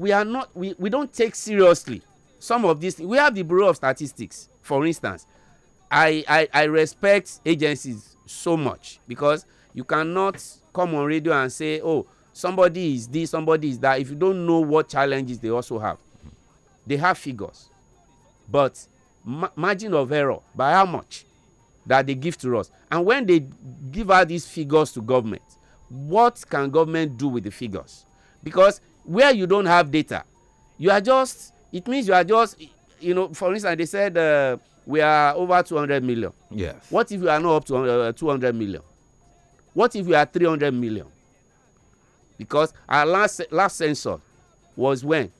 we are not we, we don't take seriously some of these we have the bureau of statistics for instance I, I i respect agencies so much because you cannot come on radio and say oh somebody is this somebody is that if you don't know what challenges they also have they have figures but ma margin of error by how much that they give to us and when they give out these figures to government what can government do with the figures because where you don't have data you are just it means you are just you know for instance they said uh, we are over two hundred million. yes what if you are not up to uh, two hundred million what if you are three hundred million because our last last census was when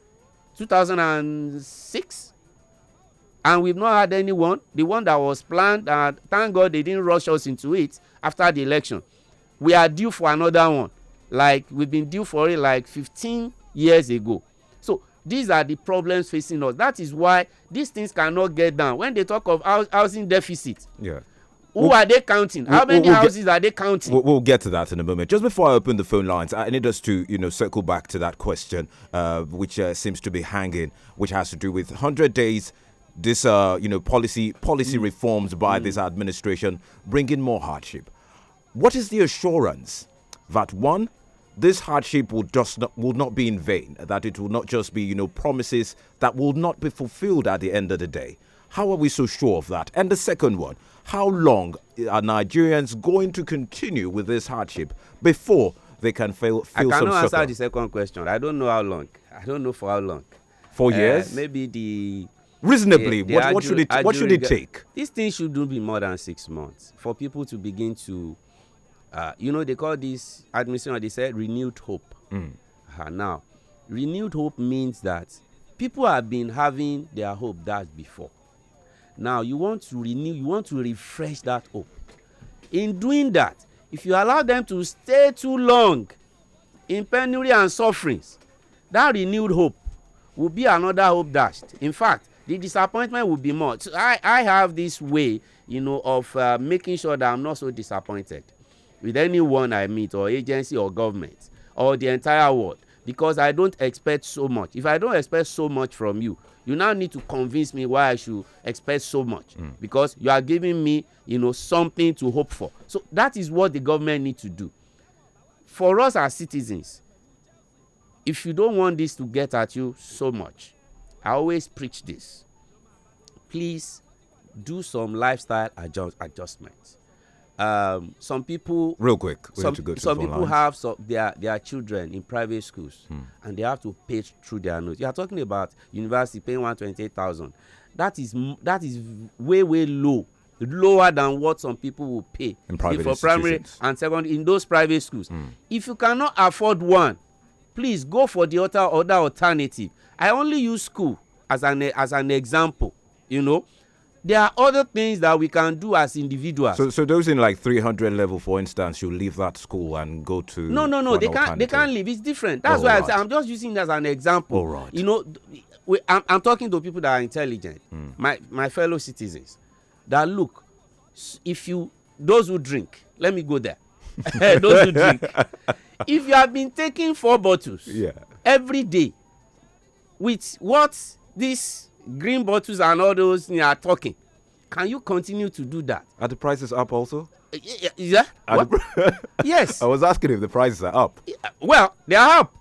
two thousand and six and we've not had anyone the one that was planned and thank god they didn't rush us into it after the election we are due for another one like we've been due for it like 15 years ago so these are the problems facing us that is why these things cannot get done when they talk of housing deficit yeah who we'll, are they counting? How we'll, many we'll houses get, are they counting? We'll, get to that in a moment. Just before I open the phone lines, I need us to, you know, circle back to that question, uh, which uh, seems to be hanging, which has to do with 100 days. This, uh, you know, policy policy mm. reforms by mm. this administration bringing more hardship. What is the assurance that one this hardship will just not, will not be in vain. That it will not just be you know promises that will not be fulfilled at the end of the day. How are we so sure of that? And the second one, how long are Nigerians going to continue with this hardship before they can feel, feel I cannot answer the second question. I don't know how long. I don't know for how long. Four uh, eh, years? Maybe the reasonably. The, the what, what, should it? What should it take? This thing should do be more than six months for people to begin to uh, you know, they call this admission, they said renewed hope. Mm. Uh, now, renewed hope means that people have been having their hope dashed before. Now, you want to renew, you want to refresh that hope. In doing that, if you allow them to stay too long in penury and sufferings, that renewed hope will be another hope dashed. In fact, the disappointment will be more. So I, I have this way, you know, of uh, making sure that I'm not so disappointed with anyone I meet or agency or government or the entire world because I don't expect so much. If I don't expect so much from you, you now need to convince me why I should expect so much mm. because you are giving me, you know, something to hope for. So that is what the government need to do. For us as citizens, if you don't want this to get at you so much, I always preach this. Please do some lifestyle adjust adjustments um, some people real quick some, some people lines. have some, their their children in private schools hmm. and they have to pay through their nose you are talking about university paying 128000 that is that is way way low lower than what some people will pay in private for primary and second in those private schools hmm. if you cannot afford one please go for the other other alternative i only use school as an as an example you know there are other things that we can do as individuals. So, so those in like 300 level, for instance, you leave that school and go to. No, no, no. They can't. They can't leave. It's different. That's oh, why right. I am just using as an example. All right. You know, we, I'm, I'm, talking to people that are intelligent, mm. my my fellow citizens. That look, if you those who drink, let me go there. those who drink, if you have been taking four bottles yeah. every day, with what this green bottles and all those they are talking can you continue to do that are the prices up also yeah, yeah. Eh, yes i was asking if the prices are up well they are up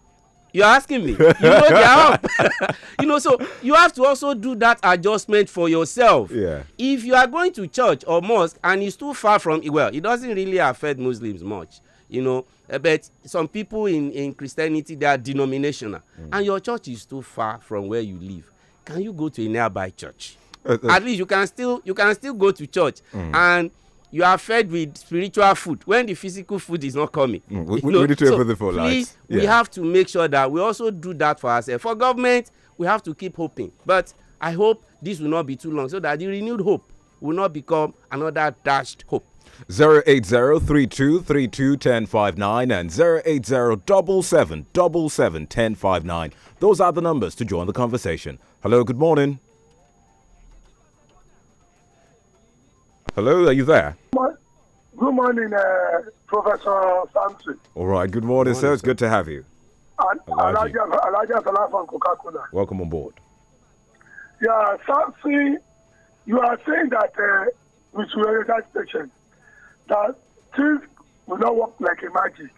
you're asking me you know they are up you know so you have to also do that adjustment for yourself yeah if you are going to church or mosque and it's too far from well it doesn't really affect muslims much you know eh, but some people in in christianity they are denominational mm. and your church is too far from where you live can you go to a nearby church? Uh, uh, At least you can still you can still go to church mm. and you are fed with spiritual food when the physical food is not coming. Mm. We, we, we, need to so everything for please, yeah. we have to make sure that we also do that for ourselves. For government, we have to keep hoping. But I hope this will not be too long so that the renewed hope will not become another dashed hope. 08032321059 and 08077771059. Those are the numbers to join the conversation. Hello, good morning. Hello, are you there? Good morning, uh, Professor Samson. All right, good morning, good morning sir. sir. It's good to have you. Elijah, Salah from Coca-Cola. Welcome on board. Yeah, Samson, you are saying that uh, we should that station that things will not work like a magic.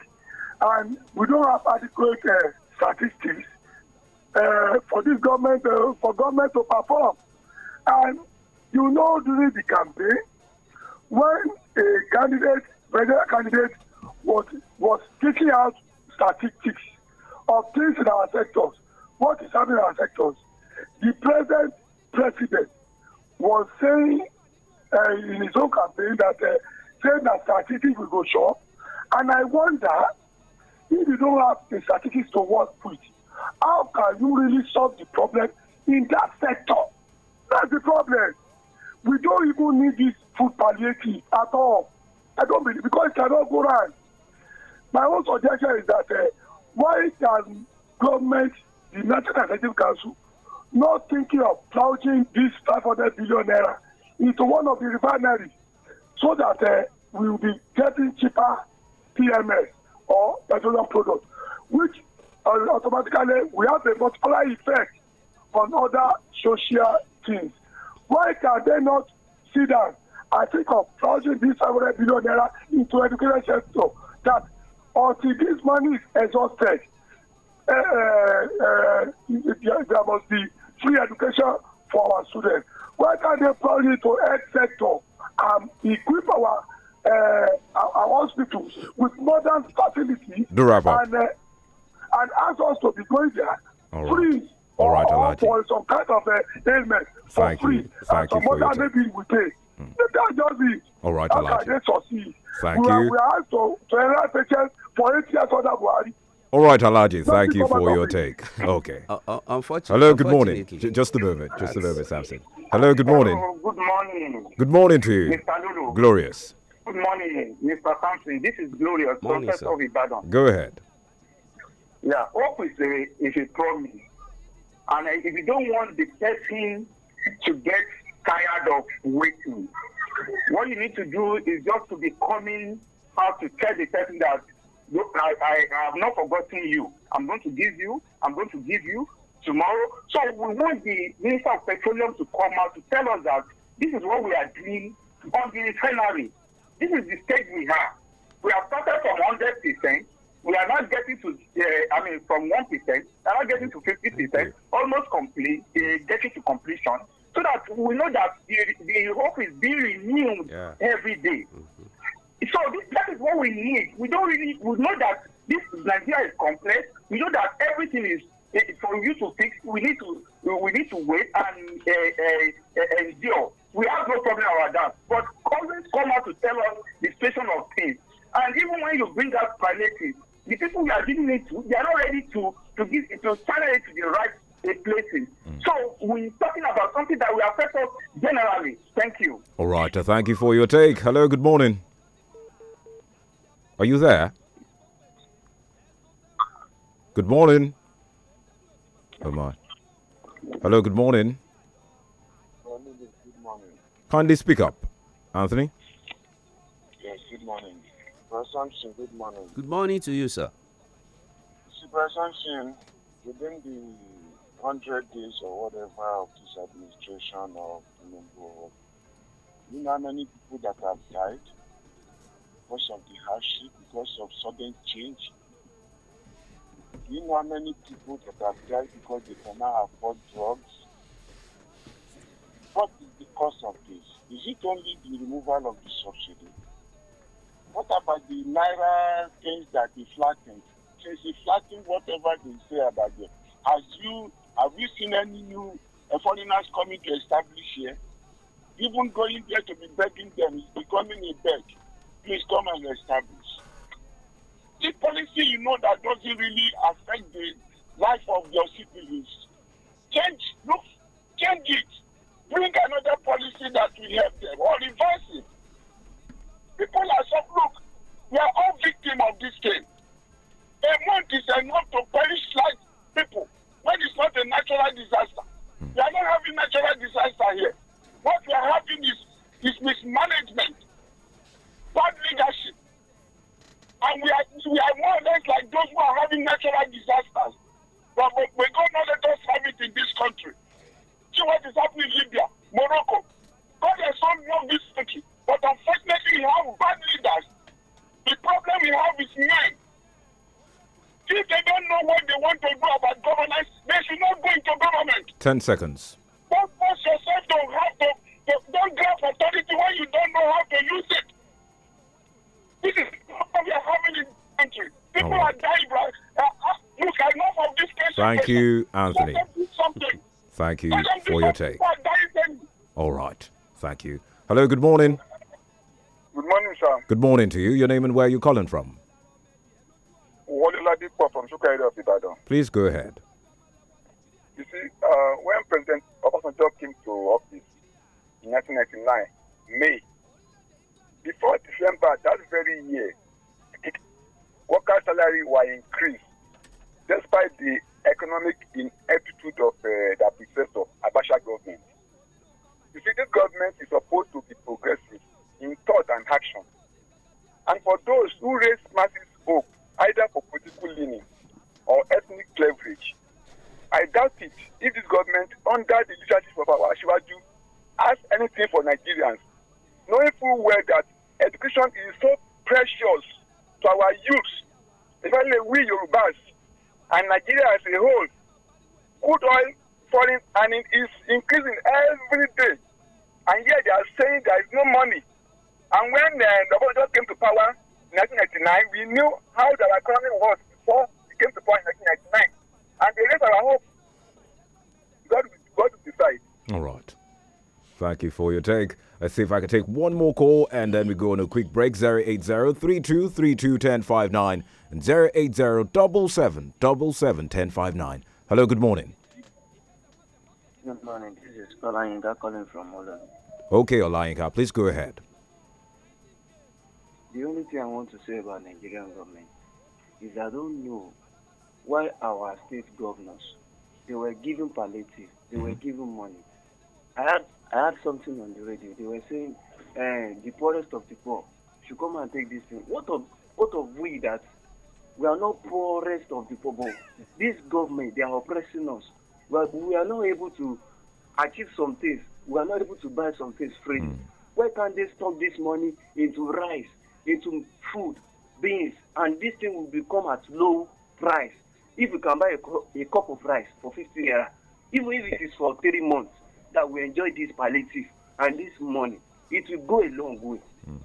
And we don't have adequate uh, statistics uh, for this government uh, for government to perform. And you know during the campaign, when a candidate, presidential candidate, was was taking out statistics of things in our sectors, what is happening in our sectors, the present president was saying uh, in his own campaign that uh, say that certificate we go chop and i wonder if you don't have the certificate to work with how can you really solve the problem in that sector that's the problem we don't even need this food palliative at all i don't believe because it cannot go round my own suggestion is that uh, why can government the national executive council not thinking of plunging this five hundred billion naira into one of the refineries so that uh, we will be getting cheaper PMS or petroleum products, which uh, automatically we have a multiplier effect on other social things. Why can they not see that? I think of plunging this 700 billion naira into education sector that until this money is exhausted, uh, uh, uh there must be free education for our students. Why can't they plunge into health sector? um, equip our uh, our hospitals with modern facilities and, uh, and ask us to be going there All free. Right. All right, or, for some kind of uh, ailment for Thank free. You. Thank and you some other maybe we pay. Mm. That's just it. All right, Thank we you. Are, we are asked to, to patients for eight years under Buhari. All right, Alaji, thank you for your take. Okay. Uh, uh, unfortunately, Hello, good morning. just a moment, just a moment, Samson. Hello, good morning. Hello, good morning. Good morning to you. Mr. Lulu. Glorious. Good morning, Mr. Samson. This is Glorious, morning, Professor sir. of Ibadan. Go ahead. Yeah, hope is a, is a promise. And if you don't want the person to get tired of waiting, what you need to do is just to be coming out to tell the person that I, I, I have not forgotten you. I'm going to give you, I'm going to give you tomorrow. So we want the Minister of Petroleum to come out to tell us that this is what we are doing on the refinery. This is the stage we have. We have started from 100%. We are not getting to, uh, I mean, from 1%. We are not getting to 50%, almost complete, uh, getting to completion. So that we know that the, the hope is being renewed yeah. every day. Mm-hmm. So this, that is what we need. We don't really we know that this Nigeria is complex. We know that everything is uh, you to fix. We need to we need to wait and uh, uh, endure. We have no problem about that. But always come out to tell us the situation of things. And even when you bring out palliative, the people we are giving it to, they are not ready to to give to channel it to the right places. Mm. So we're talking about something that will affect us generally. Thank you. All right. Thank you for your take. Hello. Good morning. Are you there? Good morning. Oh my. Hello, good morning. Good morning. Kindly speak up, Anthony. Yes, good morning. Presumption, good morning. Good morning to you, sir. Presumption, within the 100 days or whatever of this administration of Tinubu, you know how many people that have died? because of the hardship, because of sudden change. Do you know how many people that have died because they cannot afford drugs? What is the cause of this? Is it only the removal of the subsidy? What about the naira things that they flattened? Since they flattened whatever they say about it? has you have you seen any new uh, foreigners coming to establish here? Even going there to be begging them is becoming a beg please come and establish. The policy you know that doesn't really affect the life of your citizens. Change, look, change it. Bring another policy that will help them or reverse it. People are saying, look, we are all victims of this thing. A month is enough to perish like people when it's not a natural disaster. We are not having natural disaster here. What we are having is, is mismanagement bad leadership. And we are, we are more or less like those who are having natural disasters. But we, we God not let us have it in this country. See what is happening in Libya, Morocco. God has not this country. But unfortunately, we have bad leaders. The problem we have is men. If they don't know what they want to do about governance, they should not go into government. 10 seconds. Don't force yourself to have to, to don't grab authority when you don't know how to use it. This is country. People are dying, bro. Uh, look, I know from this Thank you, Anthony. Thank you for your take. All right. Thank you. Hello, good morning. Good morning, sir. Good morning to you. Your name and where you're calling from? from Please go ahead. You see, uh, when President Obasanjo came to office in 1999, May, before December that very year, worker salary were increased despite the economic ineptitude of uh, the predecessor, Abasha government. You see, this government is supposed to be progressive in thought and action. And for those who raise massive hope, either for political leaning or ethnic leverage, I doubt it if this government, under the leadership of our Ashwaju, as anything for Nigerians knowing full well that education is so precious to our youth, especially we Yorubas and Nigeria as a whole. Crude oil falling and it is increasing every day, and yet they are saying there is no money. And when uh, the government came to power in 1999, we knew how the economy was before it came to power in 1999, and they raised our hope. God, God will decide. All right. Thank you for your take. Let's see if I can take one more call and then we go on a quick break. 080-3232-1059 and 080-777-1059. Hello, good morning. Good morning. This is Olayinka calling from Holland. Okay, Olayinka, please go ahead. The only thing I want to say about Nigerian government is I don't know why our state governors, they were given palliative, they were mm-hmm. given money. I had I had something on the radio. They were saying uh, the poorest of the poor should come and take this thing. What of what of we that we are not poorest of the poor, but this government they are oppressing us. Well, we are not able to achieve some things. We are not able to buy some things free. Mm. Why can't they stop this money into rice, into food, beans, and this thing will become at low price? If you can buy a, a cup of rice for 50 naira, even if it is for three months, that will enjoy this palliative and this money it will go a long way mm.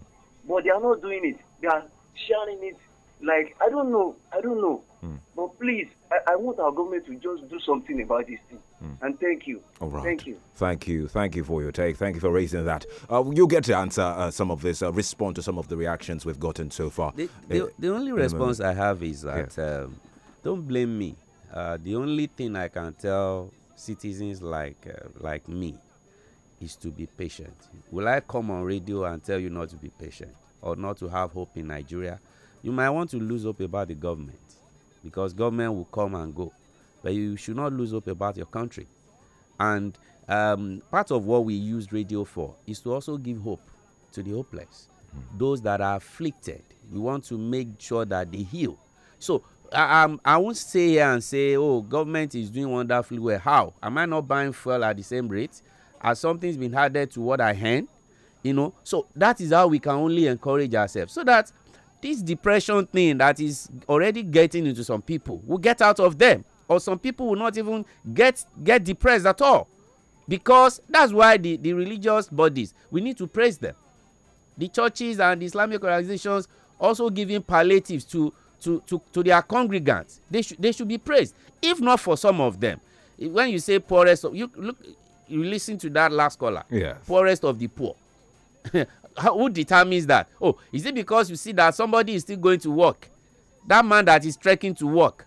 but they are not doing it they are sharing it like i don't know i don't know mm. but please I, I, want our government to just do something about this thing mm. and thank you all right thank you thank you thank you for your take thank you for raising that uh, you get to answer uh, some of this uh, respond to some of the reactions we've gotten so far the, the, uh, the only response i have is that yeah. um, don't blame me uh, the only thing i can tell citizens like uh, like me is to be patient. Will I come on radio and tell you not to be patient or not to have hope in Nigeria? You might want to lose hope about the government because government will come and go, but you should not lose hope about your country. And um, part of what we use radio for is to also give hope to the hopeless, mm. those that are afflicted. We want to make sure that they heal. So I, I won't stay here and say, oh, government is doing wonderfully well. How? Am I not buying fuel at the same rate? Has something's been added to what I hand, You know, so that is how we can only encourage ourselves so that this depression thing that is already getting into some people will get out of them or some people will not even get get depressed at all because that's why the the religious bodies we need to praise them the churches and the islamic organizations also giving palliatives to to, to, to their congregants. They, should they should be praised, if not for some of them. When you say poorest, of, you look, you listen to that last caller. Yes. Poorest of the poor. Who determines that? Oh, is it because you see that somebody is still going to work? That man that is trekking to work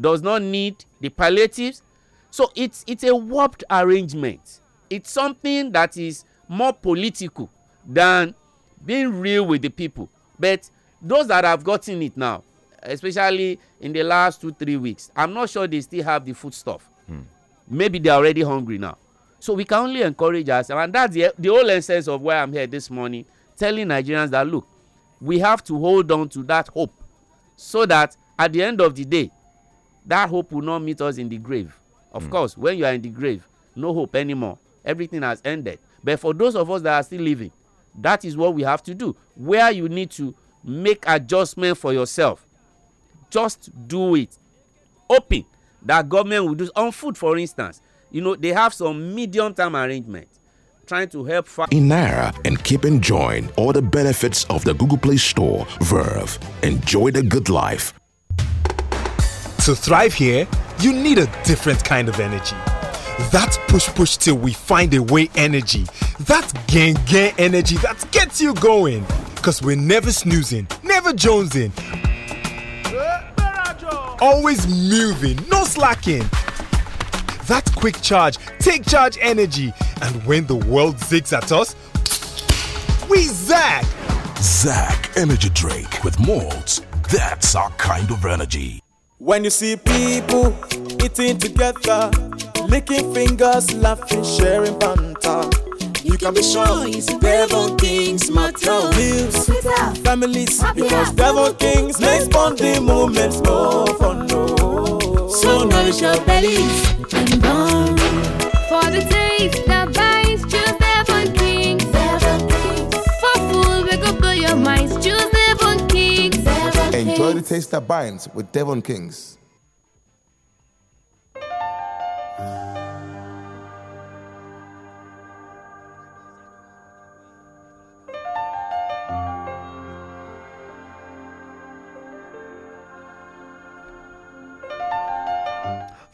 does not need the palliatives. So it's it's a warped arrangement. It's something that is more political than being real with the people. But those that have gotten it now, especially in the last two three weeks i'm not sure they still have the food stuff maybe they're already hungry now so we can only encourage ourselves and that's the, the whole essence of why i'm here this morning telling nigerians that look we have to hold on to that hope so that at the end of the day that hope will not meet us in the grave of hmm. course when you are in the grave no hope anymore everything has ended but for those of us that are still living that is what we have to do where you need to make adjustment for yourself just do it hoping that government will do on food for instance you know they have some medium term arrangement trying to help in naira and keep enjoying all the benefits of the google play store verve enjoy the good life to thrive here you need a different kind of energy that push push till we find a way energy that gang gang energy that gets you going because we're never snoozing never jonesing Always moving, no slacking. That quick charge, take charge energy. And when the world zigs at us, we zack. Zack Energy Drink with malts. That's our kind of energy. When you see people eating together, licking fingers, laughing, sharing banter. You, can, be sure it's Devon Kings matter. Bills, families, Happy because Devon Kings make bonding moments more fun. No. So nourish your bellies and burn for the taste that binds. Choose Devon Kings. Devon Kings. For food, wake up blow your minds. Choose Devon Kings. Devon Enjoy Kings. the taste that binds with Devon Kings.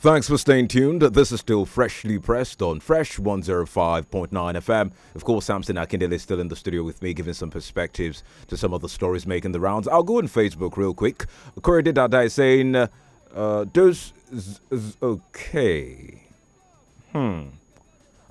Thanks for staying tuned. This is still freshly pressed on Fresh 105.9 FM. Of course, Samson Akindele is still in the studio with me, giving some perspectives to some of the stories making the rounds. I'll go on Facebook real quick. Corey Dada is saying, uh, uh "Dose is okay." Hmm.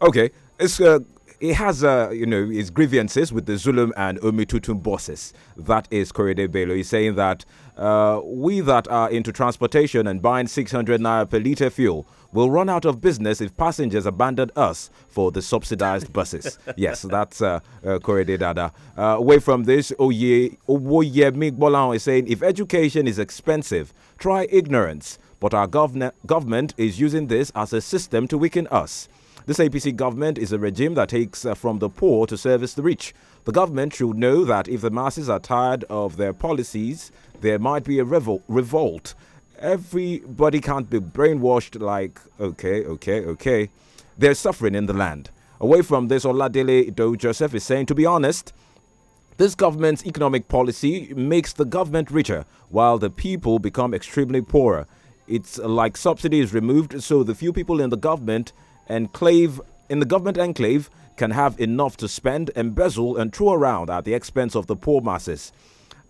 Okay, it's uh, it has, uh, you know, his grievances with the Zulum and Omitutum bosses. That is Korede Bello. He's saying that uh, we that are into transportation and buying 600 naira per litre fuel will run out of business if passengers abandon us for the subsidized buses. yes, that's uh, uh, Dada. Uh, away from this, Oye Owoyemi is saying if education is expensive, try ignorance. But our government is using this as a system to weaken us. This APC government is a regime that takes uh, from the poor to service the rich. The government should know that if the masses are tired of their policies, there might be a revol- revolt. Everybody can't be brainwashed like, okay, okay, okay. There's suffering in the land. Away from this, Oladele Do Joseph is saying, to be honest, this government's economic policy makes the government richer while the people become extremely poorer. It's like subsidies removed so the few people in the government enclave in the government enclave can have enough to spend, embezzle, and throw around at the expense of the poor masses.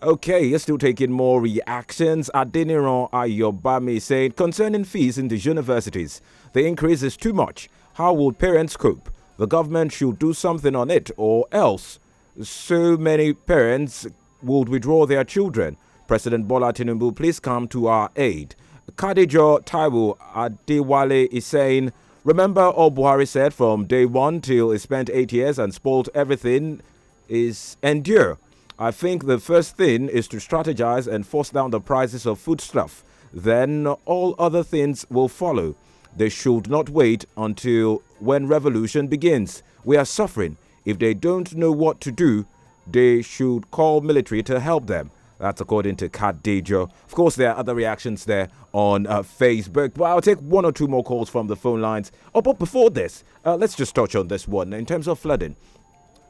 Okay, you're still taking more reactions. Adeniran Ayobami said, concerning fees in the universities, the increase is too much. How will parents cope? The government should do something on it, or else so many parents would withdraw their children. President Bola Tinubu, please come to our aid. Kadijo Taiwo Adewale is saying, Remember all Buhari said from day one till he spent eight years and spoiled everything is endure. I think the first thing is to strategize and force down the prices of foodstuff. Then all other things will follow. They should not wait until when revolution begins. We are suffering. If they don't know what to do, they should call military to help them. That's according to Kat Dejo. Of course, there are other reactions there on uh, Facebook, but I'll take one or two more calls from the phone lines. Oh, but before this, uh, let's just touch on this one in terms of flooding.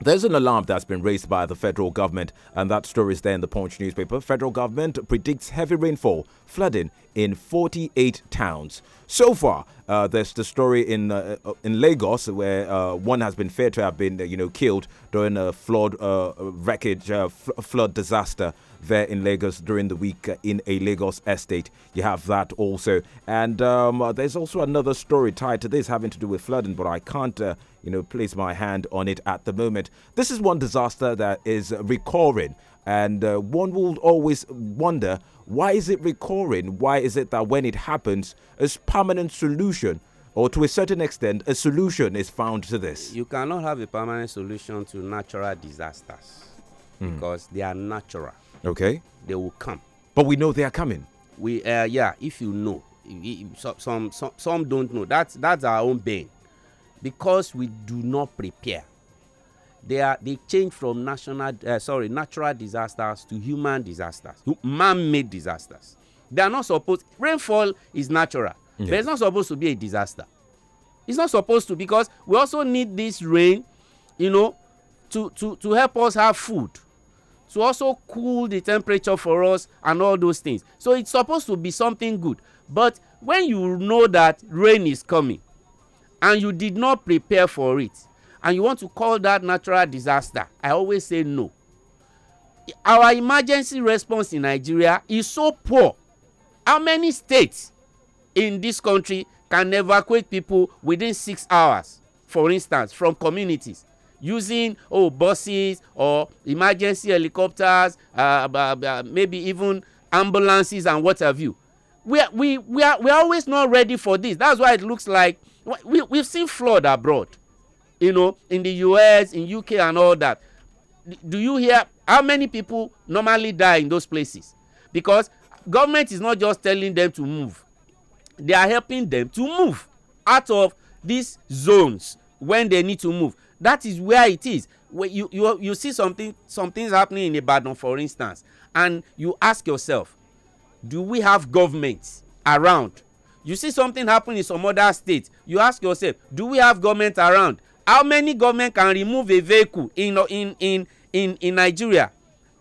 There's an alarm that's been raised by the federal government, and that story is there in the Punch newspaper. Federal government predicts heavy rainfall, flooding in 48 towns. So far, uh, there's the story in uh, uh in Lagos where uh, one has been feared to have been, uh, you know, killed during a flood uh, wreckage fl flood disaster there in Lagos during the week in a Lagos estate. You have that also, and um, there's also another story tied to this having to do with flooding, but I can't you know, place my hand on it at the moment. This is one disaster that is recurring, and uh, one will always wonder why is it recurring? Why is it that when it happens, a permanent solution or to a certain extent, a solution is found to this? You cannot have a permanent solution to natural disasters mm. because they are natural. Okay. They will come. But we know they are coming. We, uh, yeah, if you know. Some, some, some don't know. That's, that's our own bane because we do not prepare. They are they change from national uh, sorry natural disasters to human disasters, man-made disasters. They are not supposed. Rainfall is natural, yeah. but it's not supposed to be a disaster. It's not supposed to because we also need this rain, you know, to to to help us have food to also cool the temperature for us and all those things so it's supposed to be something good but when you know that rain is coming and you did not prepare for it and you want to call that natural disaster i always say no our emergency response in nigeria is so poor how many states in this country can evacuate people within six hours for instance from communities using oh buses or emergency helicopters uh, maybe even ambulances and what have you we are, we we are, we are always not ready for this that's why it looks like we, we've seen flood abroad, you know, in the US, in UK, and all that. Do you hear how many people normally die in those places? Because government is not just telling them to move, they are helping them to move out of these zones when they need to move. That is where it is. When you, you, you see something, something's happening in Ibadan, for instance, and you ask yourself, do we have governments around you see something happen in some other state you ask yourself do we have government around how many government can remove a vehicle in in in in in nigeria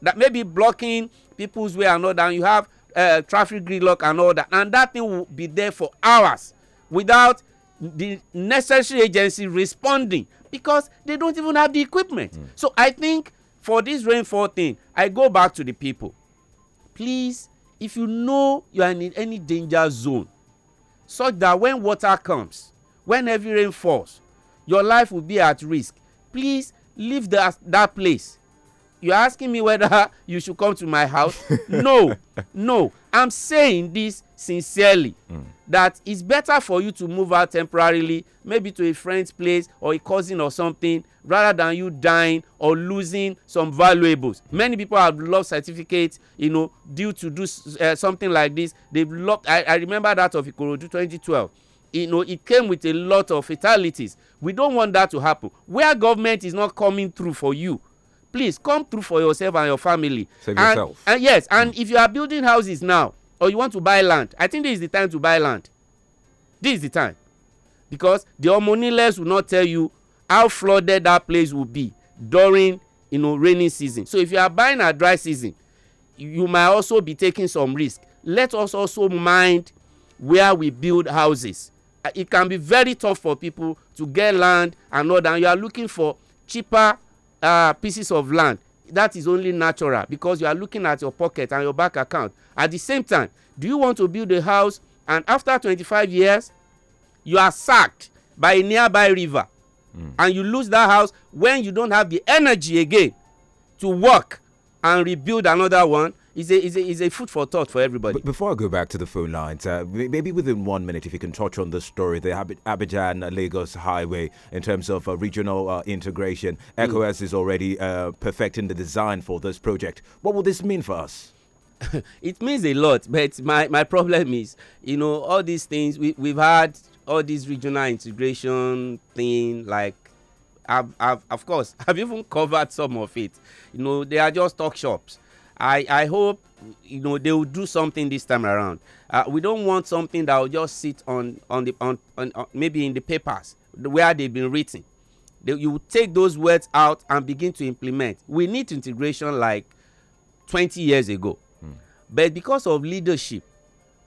that may be blocking people's way and all that and you have uh, traffic gridlock and all that and that thing will be there for hours without the necessary agency responding because they don't even have the equipment. Mm. so i think for this rainfall thing i go back to the people please if you know you are in any danger zone such that when water comes, when heavy rain falls, your life will be at risk. Please leave that, that place. You're asking me whether you should come to my house? no, no. I'm saying this sincerely mm. that it's better for you to move out temporarily maybe to a friend's place or a cousin or something rather than you dying or losing some valuables many people have lost certificates you know due to do uh, something like this they've lost I, I remember that of ikorodu 2012 you know it came with a lot of fatalities we don't want that to happen where government is not coming through for you please come through for yourself and your family Save and, yourself. and yes and mm. if you are building houses now or you want to buy land i think this is the time to buy land this is the time because the hormoneless will not tell you how flooded that place will be during you know raining season so if you are buying at dry season you might also be taking some risk let us also mind where we build houses it can be very tough for people to get land and all that and you are looking for cheaper uh, pieces of land that is only natural because you are looking at your pocket and your bank account at the same time do you want to build a house and after twenty-five years you are sacked by a nearby river mm. and you lose that house when you don't have the energy again to work and rebuild another one is a, is a, is a food for thought for everybody. But before I go back to the phone lines, uh, maybe within one minute, if you can touch on the story, the Ab- Abidjan uh, Lagos highway in terms of uh, regional uh, integration. Hmm. ECOWAS mm. is already uh, perfecting the design for this project. What will this mean for us? it means a lot, but my, my problem is, you know, all these things, we, we've had all these regional integration thing, like I've, I've, of course, I've even covered some of it. You know, they are just talk shops. I, I hope you know they will do something this time around. Uh, we don't want something that will just sit on on the on, on, on maybe in the papers where they've been written. They, you take those words out and begin to implement. We need integration like 20 years ago, mm. but because of leadership,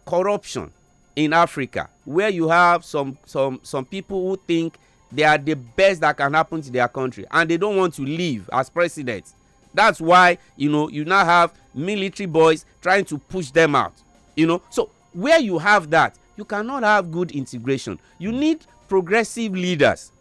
corruption in Africa, where you have some some some people who think they are the best that can happen to their country and they don't want to leave as president that's why you know you now have military boys trying to push them out you know so where you have that you cannot have good integration you need progressive leaders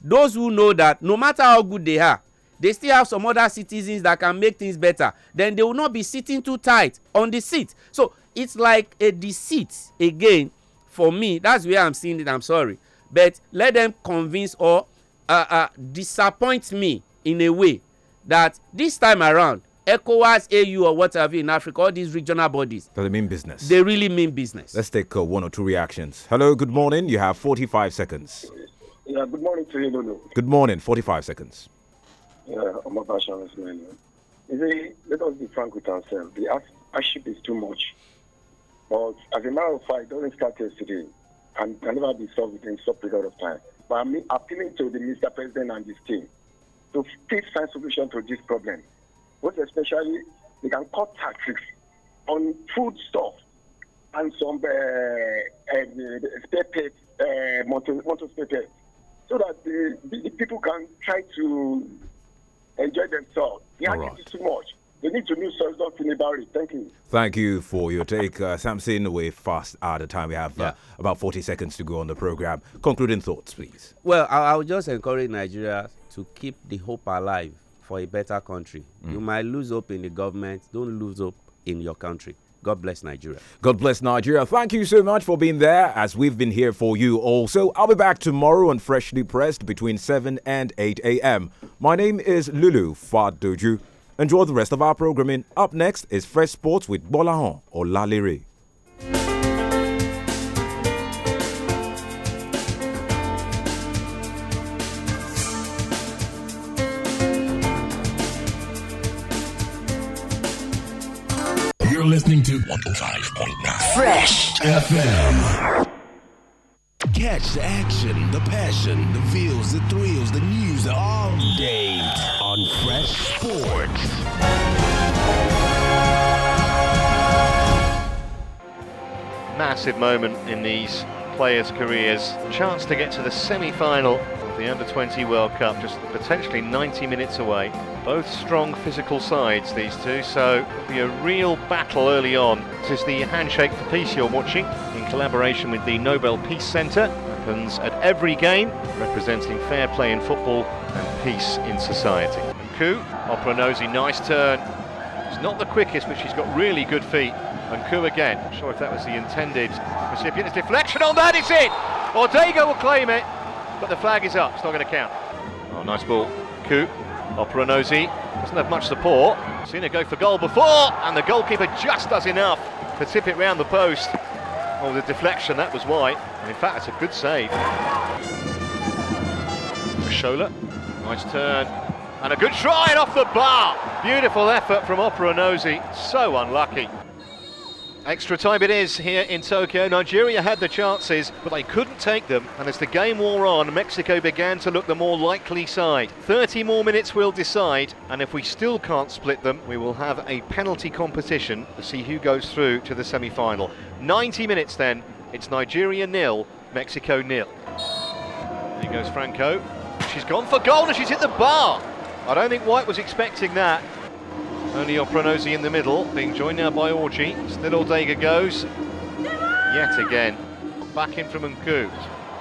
those who know that no matter how good they are they still have some other citizens that can make things better then they will not be sitting too tight on the seat so it's like a deceit again for me that's where i'm seeing it i'm sorry but let them convince or uh, uh, disappoint me in a way that this time around ECOWAS, AU, or what have you in Africa, all these regional bodies. Do they mean business? They really mean business. Let's take uh, one or two reactions. Hello, good morning. You have 45 seconds. Yeah, good morning to you, Lulu. Good morning, 45 seconds. Yeah, I'm a passionate man. You see, let us be frank with ourselves. The hardship is too much. But as a matter of fact, it doesn't start yesterday and can never be solved within a short period of time. But I'm appealing to the Mr. President and his team to still find solution to this problem. Most especially, they can cut taxes on food stuff and some uh, uh, spare uh, motor, so that the, the, people can try to enjoy themselves. Yeah, right. is too much. They need to know something about it. Thank you. Thank you for your take, uh, Samson. We're fast out of time. We have uh, yeah. about 40 seconds to go on the program. Concluding thoughts, please. Well, i I'll just encourage Nigeria to keep the hope alive for a better country. Mm. You might lose hope in the government, don't lose hope in your country. God bless Nigeria. God bless Nigeria. Thank you so much for being there as we've been here for you also. I'll be back tomorrow on Freshly Pressed between 7 and 8 a.m. My name is Lulu Fadoju. Enjoy the rest of our programming. Up next is Fresh Sports with Bolahon Olalere. listening to 105.9 Fresh FM. Catch the action, the passion, the feels, the thrills, the news all day on Fresh Sports. Massive moment in these players' careers. Chance to get to the semi final the Under 20 World Cup just potentially 90 minutes away. Both strong physical sides, these two, so it'll be a real battle early on. This is the Handshake for Peace you're watching in collaboration with the Nobel Peace Centre. Happens at every game, representing fair play in football and peace in society. Nku, Opronosi, nice turn. He's not the quickest, but she's got really good feet. And Ku again. Not sure if that was the intended recipient. It's deflection on that, it's in! Ortega will claim it but the flag is up, it's not going to count. Oh, nice ball. Coup. Opera Nosey, doesn't have much support. Seen it go for goal before, and the goalkeeper just does enough to tip it round the post. Oh, the deflection, that was wide. And in fact, it's a good save. Shola, nice turn. And a good try and off the bar. Beautiful effort from Opera Nosey. So unlucky. Extra time it is here in Tokyo. Nigeria had the chances, but they couldn't take them. And as the game wore on, Mexico began to look the more likely side. 30 more minutes will decide, and if we still can't split them, we will have a penalty competition to see who goes through to the semi final. 90 minutes then, it's Nigeria nil, Mexico nil. There goes Franco. She's gone for goal and she's hit the bar. I don't think White was expecting that. Only Opronosi in the middle, being joined now by Orji. Still Ordega goes. Yet again. Back in from Nku.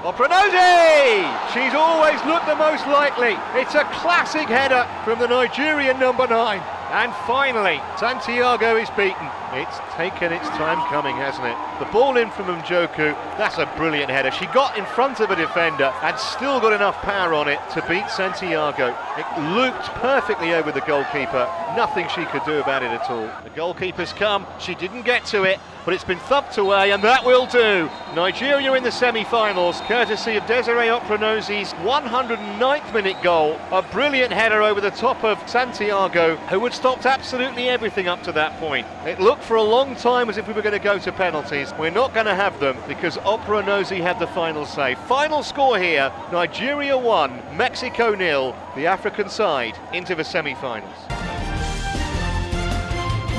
Opronosi! She's always looked the most likely. It's a classic header from the Nigerian number nine. And finally, Santiago is beaten. It's taken its time coming, hasn't it? The ball in from Mjoku, that's a brilliant header. She got in front of a defender and still got enough power on it to beat Santiago. It looped perfectly over the goalkeeper, nothing she could do about it at all. The goalkeeper's come, she didn't get to it, but it's been thumped away and that will do. Nigeria in the semi-finals, courtesy of Desiree Opranosi's 109th minute goal. A brilliant header over the top of Santiago, who had stopped absolutely everything up to that point. It looked for a long time as if we were going to go to penalties. We're not going to have them because Opera knows he had the final say. Final score here, Nigeria 1, Mexico nil. the African side into the semi-finals.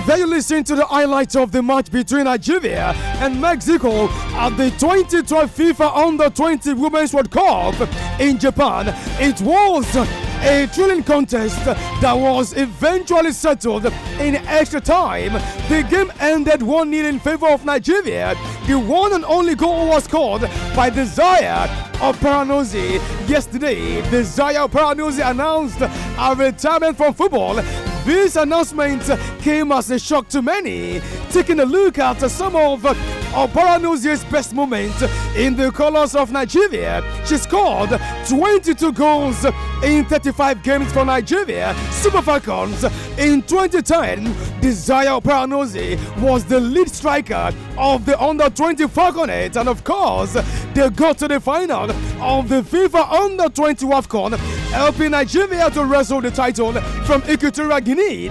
They listen to the highlights of the match between Nigeria and Mexico at the 2012 FIFA Under 20 Women's World Cup in Japan. It was a thrilling contest that was eventually settled in extra time. The game ended 1 0 in favor of Nigeria. The one and only goal was scored by Desire Paranozi. Yesterday, Desire Paranozi announced a retirement from football this announcement came as a shock to many. Taking a look at some of Obaranuzi's best moments in the colors of Nigeria, she scored 22 goals in 35 games for Nigeria Super Falcons. In 2010, Desire Obaranuzi was the lead striker of the under 20 Falconets, and of course, they got to the final of the FIFA under 20 WAFCON helping Nigeria to wrestle the title from Equatorial Guinea.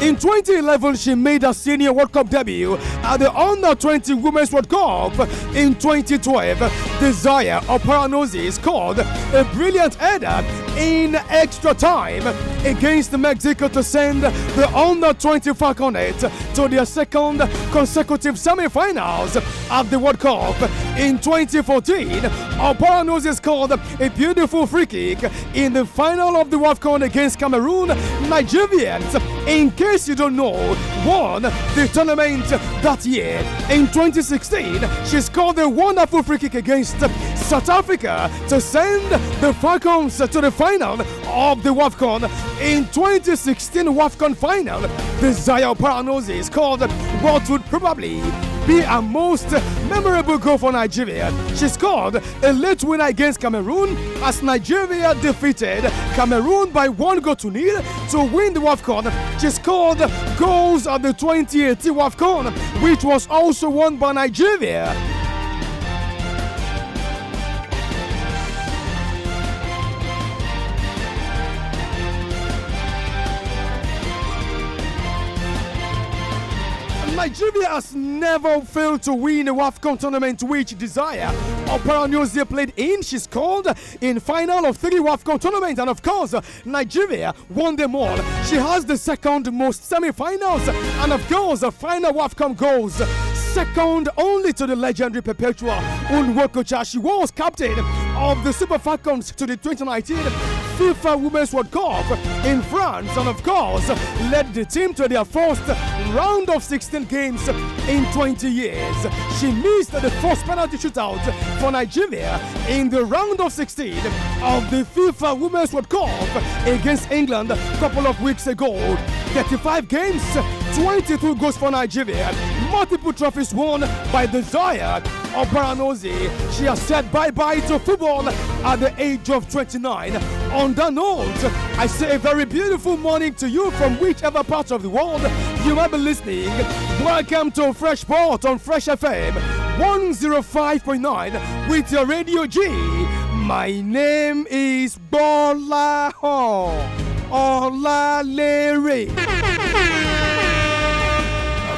In 2011, she made her senior World Cup debut at the Under 20 Women's World Cup in 2012. Desire Oparanozi scored a brilliant header in extra time against Mexico to send the Under 20 to their second consecutive semi-finals at the World Cup in 2014. Oparanozi scored a beautiful free kick in the final of the World Cup against Cameroon. Nigerians, in case you don't know, won the tournament that that year, in 2016, she scored a wonderful free kick against South Africa to send the Falcons to the final of the WAFCON. In 2016 WAFCON final, the Zaire Paranosis called what would probably be a most memorable goal for Nigeria. She scored a late winner against Cameroon as Nigeria defeated Cameroon by one goal to nil to win the WAFCON. She scored goals at the 2018 WAFCON, which was also won by Nigeria. Nigeria has never failed to win a WAFCON tournament which desire. Opera Newsia played in, she's called in final of three WAFCON tournaments, and of course, Nigeria won them all. She has the second most semi-finals, and of course, final WAFCON goals second only to the legendary perpetual Unwokocha. She was captain of the Super Falcons to the 2019 FIFA Women's World Cup in France and, of course, led the team to their first round of 16 games in 20 years. She missed the first penalty shootout for Nigeria in the round of 16 of the FIFA Women's World Cup against England a couple of weeks ago. 35 games, 22 goals for Nigeria, multiple trophies won by the Zaya of Paranozi. She has said bye bye to football at the age of 29. On that note, I say a very beautiful morning to you from whichever part of the world you might be listening. Welcome to Fresh Port on Fresh FM 105.9 with your Radio G. My name is Bola Ho Ola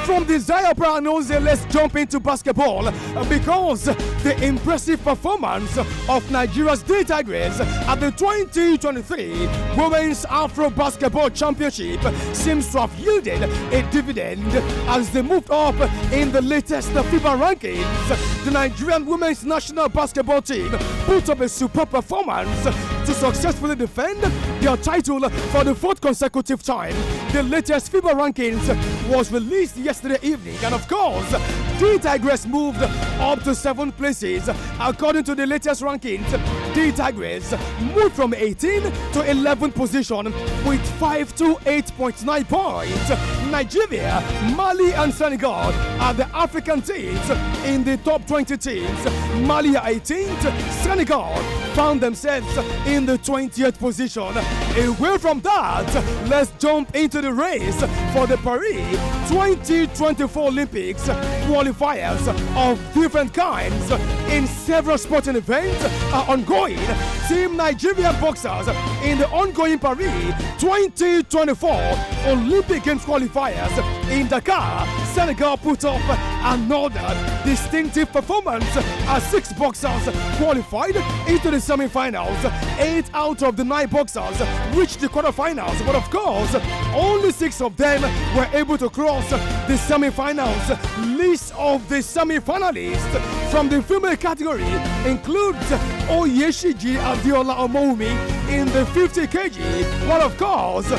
From Desire Prognosis, let's jump into basketball uh, because the impressive performance of Nigeria's D Tigers at the 2023 Women's Afro Basketball Championship seems to have yielded a dividend as they moved up in the latest FIBA rankings. The Nigerian women's national basketball team put up a superb performance to successfully defend their title for the fourth consecutive time. The latest FIBA rankings was released yesterday evening. And of course, D Tigress moved up to seventh places. According to the latest rankings, D Tigress moved from 18 to 11th position with 528.9 points. Nigeria, Mali, and Senegal are the African teams in the top 20 teams. Mali 18, 18th, Senegal found themselves in the 20th position. Away from that, let's jump into the race for the Paris 2024 Olympics qualifiers of different kinds in several sporting events are ongoing. Team Nigeria boxers in the ongoing Paris 2024 Olympic Games qualifiers in Dakar, Senegal put up another distinctive performance as six boxers qualified into the semi-finals. Eight out of the nine boxers reached the quarterfinals, but of course, only six of them were able to to cross the semi-finals. List of the semi-finalists from the female category includes Oyeshiji Adiola Omomi in the 50 kg, while of course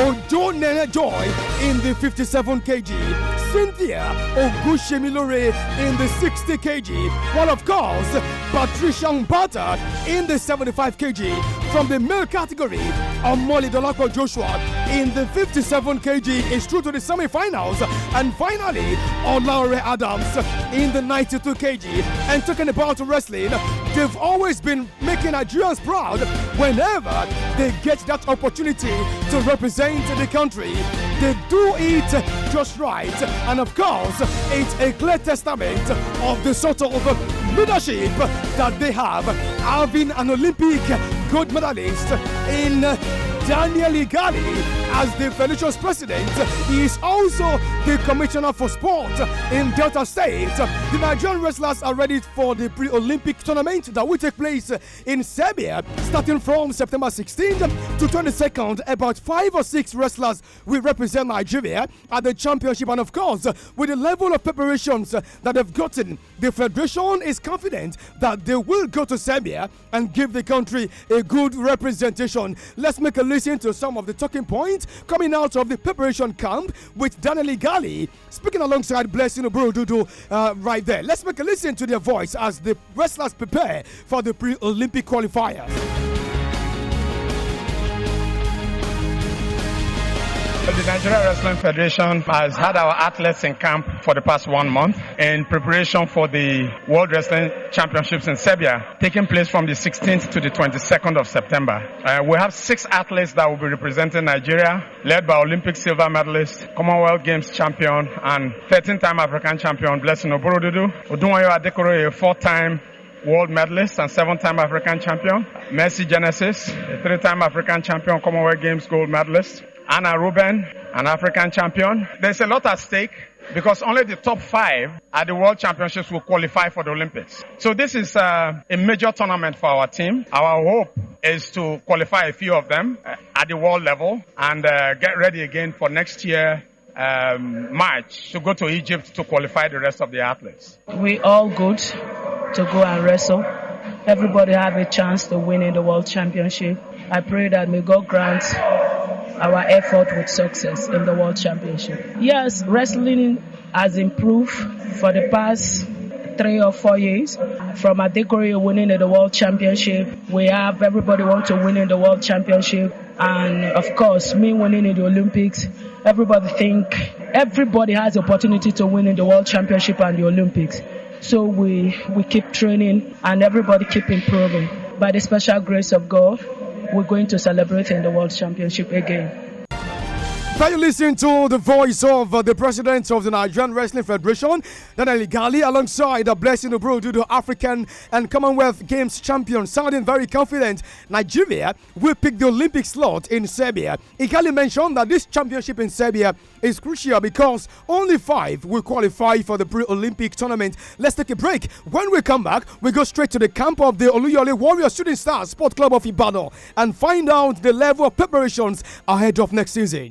Ojo Nene Joy in the 57 kg. Cynthia Ogushemilore in the 60 kg. While of course, Patricia Mbata in the 75 kg. From the male category, Amoli Dolako Joshua in the 57 kg is through to the semi-finals. And finally, Olaore Adams in the 92 kg. And talking about wrestling, they've always been making Nigerians proud whenever they get that opportunity to represent paint the country. They do it just right. And of course, it's a clear testament of the sort of leadership that they have, having an Olympic gold medalist in Daniel Igali as the Federation's president. He is also the commissioner for sport in Delta State. The Nigerian wrestlers are ready for the pre-Olympic tournament that will take place in Serbia starting from September 16th to 22nd. About five or six wrestlers will represent Nigeria at the championship and of course with the level of preparations that they've gotten, the Federation is confident that they will go to Serbia and give the country a good representation. Let's make a listen to some of the talking points coming out of the preparation camp with Daniel Gali speaking alongside Blessing Oburududu uh, right there. Let's make a listen to their voice as the wrestlers prepare for the pre Olympic qualifiers. The Nigeria Wrestling Federation has had our athletes in camp for the past one month in preparation for the World Wrestling Championships in Serbia, taking place from the 16th to the 22nd of September. Uh, we have six athletes that will be representing Nigeria, led by Olympic silver medalist, Commonwealth Games champion, and 13-time African champion Blessing Oborodudu, Odunwayo Adekoro, a four-time world medalist and seven-time African champion. Mercy Genesis, a three-time African champion, Commonwealth Games gold medalist. Anna Ruben, an African champion. There's a lot at stake because only the top five at the World Championships will qualify for the Olympics. So this is uh, a major tournament for our team. Our hope is to qualify a few of them uh, at the world level and uh, get ready again for next year um, March to go to Egypt to qualify the rest of the athletes. We all good to go and wrestle. Everybody have a chance to win in the World Championship. I pray that may God grant our effort with success in the World Championship. Yes, wrestling has improved for the past three or four years. From Adekoye winning the World Championship, we have everybody want to win in the World Championship, and of course, me winning in the Olympics. Everybody think everybody has opportunity to win in the World Championship and the Olympics. So we we keep training and everybody keep improving. By the special grace of God, we're going to celebrate in the World Championship again. Can you listen to the voice of uh, the president of the Nigerian Wrestling Federation, Daniel Gali, alongside the blessing Blessing Brodo, the African and Commonwealth Games champion, sounding very confident Nigeria will pick the Olympic slot in Serbia. Igali mentioned that this championship in Serbia is crucial because only five will qualify for the pre Olympic tournament. Let's take a break. When we come back, we go straight to the camp of the Oluyole Warrior Shooting Stars Sport Club of Ibadan and find out the level of preparations ahead of next season.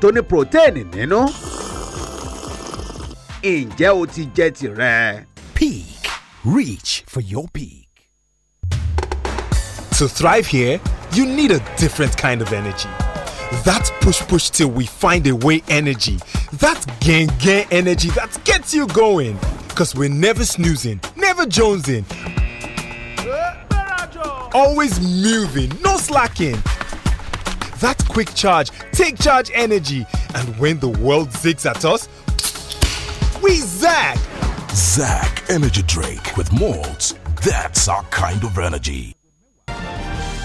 tó ní protein nínú. ǹjẹ́ o ti jẹ tirẹ̀? Peak. Reach for your peak. To thrive here, you need a different kind of energy. That push push till we find a way energy. That gang gang energy that gets you going. Cause we're never snoozing, never jonesing. Always moving, no slacking that quick charge, take charge energy. And when the world zigs at us, we zack. Zack Energy Drake with malts. That's our kind of energy.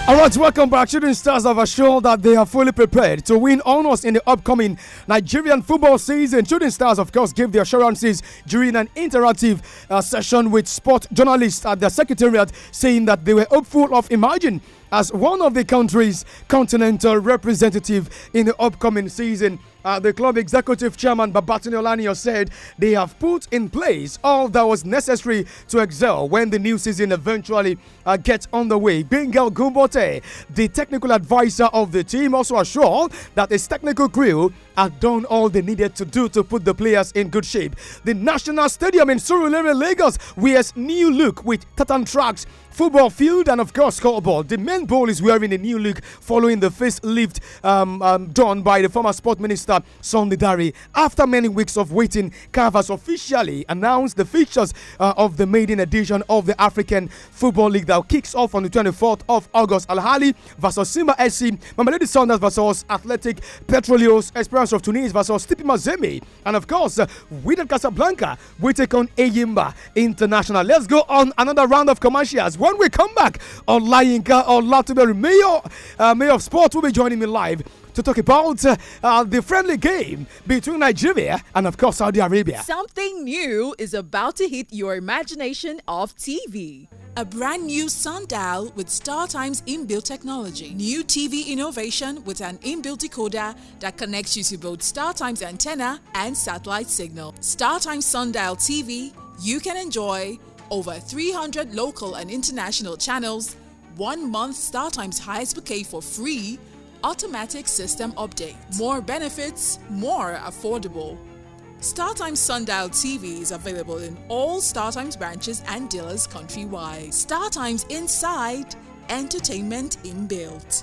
All right, welcome back. Shooting stars have assured that they are fully prepared to win honors in the upcoming Nigerian football season. Shooting stars, of course, gave the assurances during an interactive uh, session with sport journalists at the secretariat, saying that they were hopeful of emerging as one of the country's continental representative in the upcoming season. Uh, the club executive chairman Babatini Olanio said they have put in place all that was necessary to excel when the new season eventually uh, gets underway. Bengal Gumbote, the technical advisor of the team, also assured that his technical crew have done all they needed to do to put the players in good shape. The National Stadium in Surulere, Lagos wears new look with tartan tracks, football field, and of course scoreboard. The main bowl is wearing a new look following the facelift um, um, done by the former Sport Minister Sunday Dari. After many weeks of waiting, CAF has officially announced the features uh, of the maiden edition of the African Football League that kicks off on the 24th of August. Al Hali versus Simba SC, Mamelodi Sundowns versus Athletic Petroleos Express of Tunis versus Stipi Mazemi. And of course, uh, we Casablanca, we take on Ayimba International. Let's go on another round of commercials. When we come back, Olayinka Olatuberi, Mayor, uh, Mayor of Sports will be joining me live to talk about uh, uh, the friendly game between Nigeria and, of course, Saudi Arabia. Something new is about to hit your imagination of TV. A brand new sundial with StarTime's inbuilt technology. New TV innovation with an inbuilt decoder that connects you to both StarTime's antenna and satellite signal. StarTime Sundial TV, you can enjoy over 300 local and international channels, one month StarTime's highest bouquet for free automatic system update. More benefits, more affordable. StarTimes Sundial TV is available in all StarTimes branches and dealers countrywide. StarTimes Inside, entertainment inbuilt.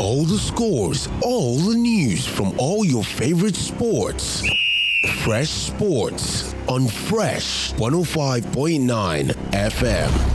All the scores, all the news from all your favorite sports. Fresh Sports on Fresh 105.9 FM.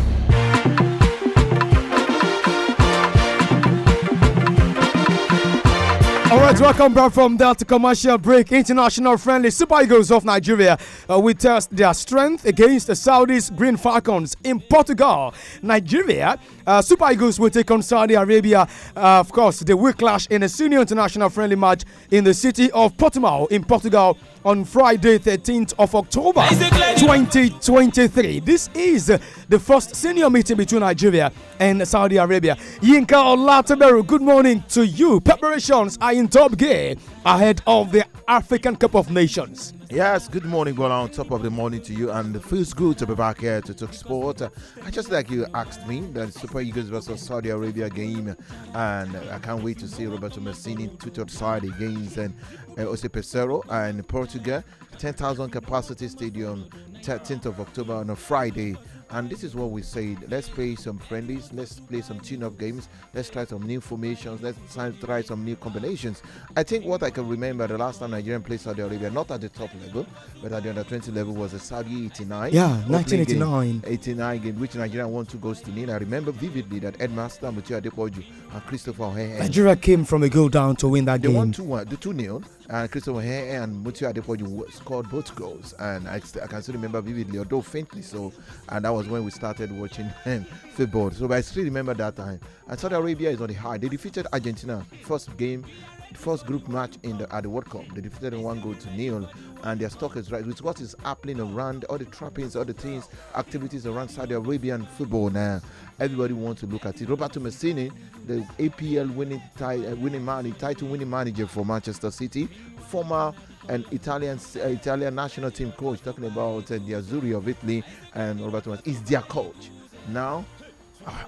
All right, welcome back from the commercial break. International friendly Super Eagles of Nigeria uh, will test uh, their strength against the Saudis Green Falcons in Portugal. Nigeria uh, Super Eagles will take on Saudi Arabia. Uh, of course, they will clash in a senior international friendly match in the city of Portimao in Portugal on Friday, 13th of October, 2023. This is the first senior meeting between Nigeria and Saudi Arabia. Yinka Olateberu, good morning to you. Preparations are in top gear ahead of the African Cup of Nations. Yes, good morning, Bola. On top of the morning to you, and it feels good to be back here to talk sport. I just like you asked me, the Super Eagles versus Saudi Arabia game, and I can't wait to see Roberto Messini tutored side against and uh, Jose Pesero and Portugal, 10,000 capacity stadium, 13th of October on a Friday. And this is what we said. Let's play some friendlies. Let's play some tune-up games. Let's try some new formations. Let's try some new combinations. I think what I can remember the last time Nigerian played Saudi Arabia, not at the top level, but at the under 20 level, was the Saudi 89. Yeah, 1989. Game, 89 game, which Nigeria won two goals to nil. I remember vividly that Edmaster Mutia Adepoju and Christopher Hehe. Nigeria came from a goal down to win that they game. They won 2 1, the 2 0 and Christopher Hare and Mutu Adepoju scored both goals. And I, I, can still remember vividly, although faintly so. And that was when we started watching um, football. So I still remember that time. And Saudi Arabia is on the high. They defeated Argentina first game the first group match in the, at the World Cup. They defeated in one goal to nil, and their stock is right with what is happening around all the trappings, all the things, activities around Saudi Arabian football now. Everybody wants to look at it. Roberto Messini, the APL winning, uh, winning man, title winning manager for Manchester City, former and Italian uh, Italian national team coach talking about uh, the Azzurri of Italy and Roberto Mancini is their coach. Now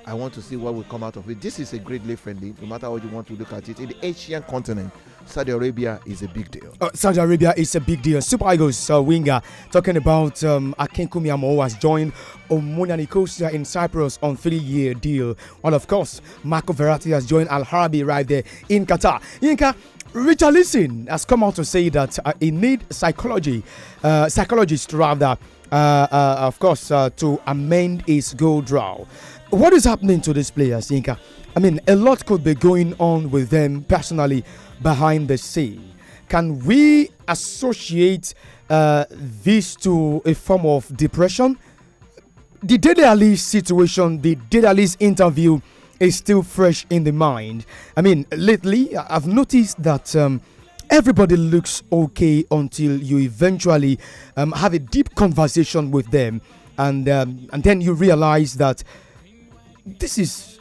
I want to see what will come out of it. This is a great league friendly, no matter what you want to look at it. In the Asian continent, Saudi Arabia is a big deal. Uh, Saudi Arabia is a big deal. Super Eagles uh, winger talking about um, Akenkumi Amo has joined Omonia Nicosia in Cyprus on three-year deal. And of course, Marco Verratti has joined Al Harabi right there in Qatar. Inka Richard Listen has come out to say that uh, he needs psychology, uh, psychologists rather, uh, uh, of course, uh, to amend his goal draw what is happening to these players, Inka? I mean, a lot could be going on with them personally behind the scene. Can we associate uh, this to a form of depression? The Dedalese situation, the Dedalese interview is still fresh in the mind. I mean, lately I've noticed that. Um, everybody looks okay until you eventually um, have a deep conversation with them and um, and then you realize that this is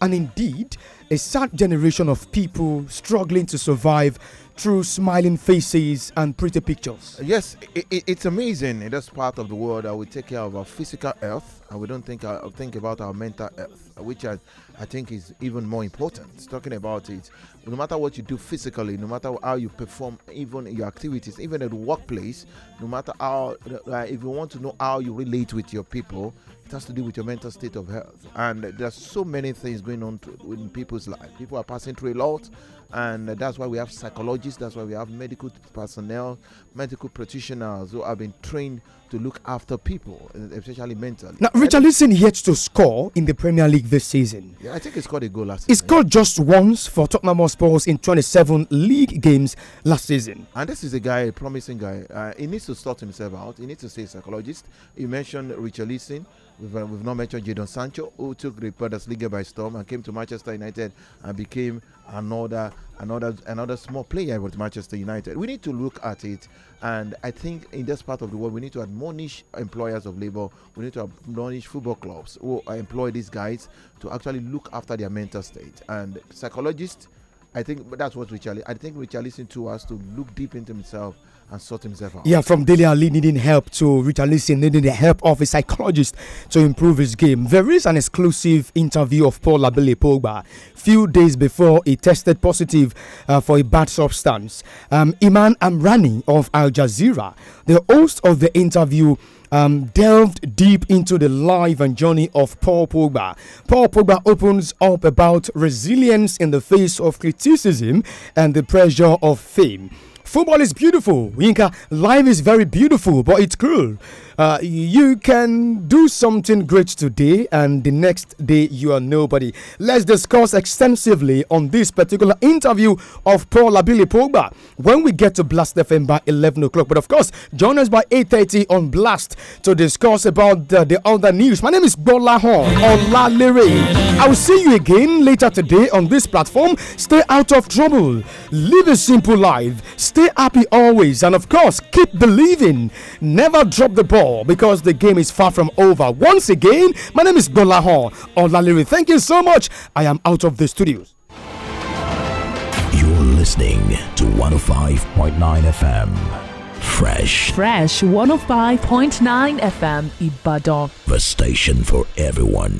and indeed a sad generation of people struggling to survive through smiling faces and pretty pictures. Yes, it, it, it's amazing. In this part of the world that we take care of our physical health and we don't think, uh, think about our mental health, which I, I think is even more important. Talking about it, no matter what you do physically, no matter how you perform, even your activities, even at the workplace, no matter how, uh, if you want to know how you relate with your people, it has to do with your mental state of health. And there's so many things going on in people's life. People are passing through a lot and uh, that's why we have psychologists that's why we have medical personnel medical practitioners who have been trained to look after people especially mentally now Richard Listen, yet to score in the premier league this season yeah, i think he scored a goal last he season he scored yeah. just once for tottenham hotspur in 27 league games last season and this is a guy a promising guy uh, he needs to sort himself out he needs to see a psychologist you mentioned Richard Listen. We've, uh, we've not mentioned Jadon Sancho, who took the Bundesliga by storm and came to Manchester United and became another another another small player with Manchester United. We need to look at it, and I think in this part of the world, we need to admonish employers of labor. We need to admonish football clubs who employ these guys to actually look after their mental state and psychologists. I think that's what Richard, I think Richarlison to us to look deep into himself and sort himself out. Yeah, from Dele Ali needing help to Richard Lissin needing the help of a psychologist to improve his game. There is an exclusive interview of Paul Labelle Pogba few days before he tested positive uh, for a bad substance. Um, Iman Amrani of Al Jazeera, the host of the interview, um, delved deep into the life and journey of Paul Pogba. Paul Pogba opens up about resilience in the face of criticism and the pressure of fame. Football is beautiful. yinka life is very beautiful, but it's cruel. Uh, you can do something great today, and the next day you are nobody. Let's discuss extensively on this particular interview of Paul Labili Pogba when we get to Blast FM by 11 o'clock. But of course, join us by 8:30 on Blast to discuss about the, the other news. My name is Bola La Olalere. I will see you again later today on this platform. Stay out of trouble. Live a simple life. Stay happy always, and of course, keep believing. Never drop the ball all because the game is far from over. Once again, my name is Dolahon Olaliri. Thank you so much. I am out of the studios. You're listening to 105.9 FM. Fresh. Fresh 105.9 FM Ibadan. The station for everyone.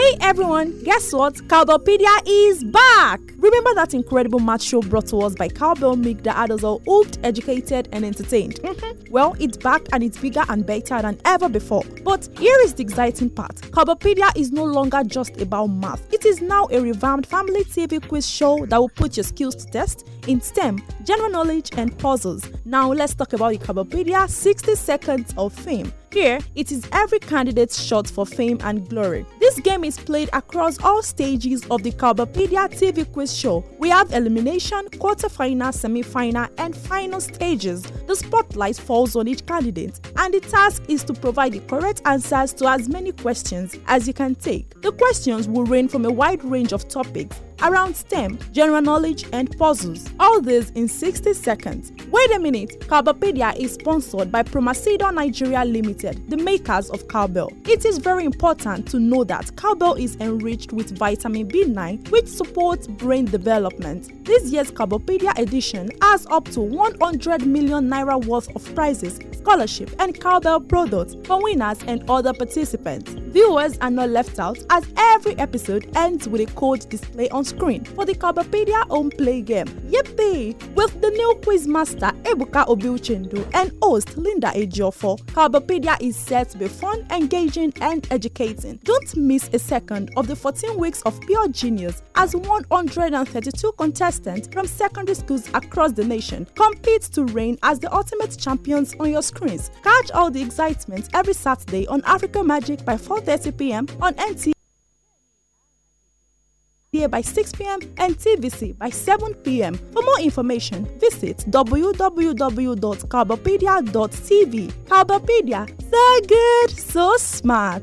Hey everyone, guess what? Cowdopedia is back! Remember that incredible math show brought to us by Cowbell Milk that had us all hooked, educated, and entertained? Mm-hmm. Well, it's back and it's bigger and better than ever before. But here is the exciting part Cowbellpedia is no longer just about math, it is now a revamped family TV quiz show that will put your skills to test in STEM, general knowledge, and puzzles. Now, let's talk about the Cowbellpedia 60 Seconds of Fame. Here, it is every candidate's shot for fame and glory. This game is played across all stages of the Cowbellpedia TV quiz show, we have elimination, quarterfinal, semi-final, and final stages. The spotlight falls on each candidate, and the task is to provide the correct answers to as many questions as you can take. The questions will range from a wide range of topics around STEM, general knowledge, and puzzles. All this in 60 seconds. Wait a minute, Carbopedia is sponsored by Promacedo Nigeria Limited, the makers of cowbell. It is very important to know that cowbell is enriched with vitamin B9, which supports brain development. This year's Carbopedia edition has up to 100 million naira worth of prizes, scholarship, and cowbell products for winners and other participants. Viewers are not left out as every episode ends with a code display on screen for the Carbopedia home play game. Yippee! With the new quizmaster Ebuka Obilchindu and host Linda Ejiofo, Carbopedia is set to be fun, engaging, and educating. Don't miss a second of the 14 weeks of pure genius as 132 contestants from secondary schools across the nation compete to reign as the ultimate champions on your screens. Catch all the excitement every Saturday on Africa Magic by 4:30 p.m. on NT here by 6 p.m. and TVC by 7 p.m. For more information, visit www.carbopedia.tv. Carbopedia, so good, so smart.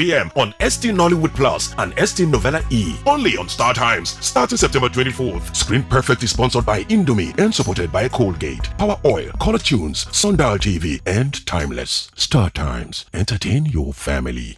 p.m. on ST Nollywood Plus and ST Novella E. Only on Star Times, starting September 24th. Screen Perfect is sponsored by Indomie and supported by Colgate, Power Oil, Color Tunes, Sundial TV, and Timeless. Star Times, entertain your family.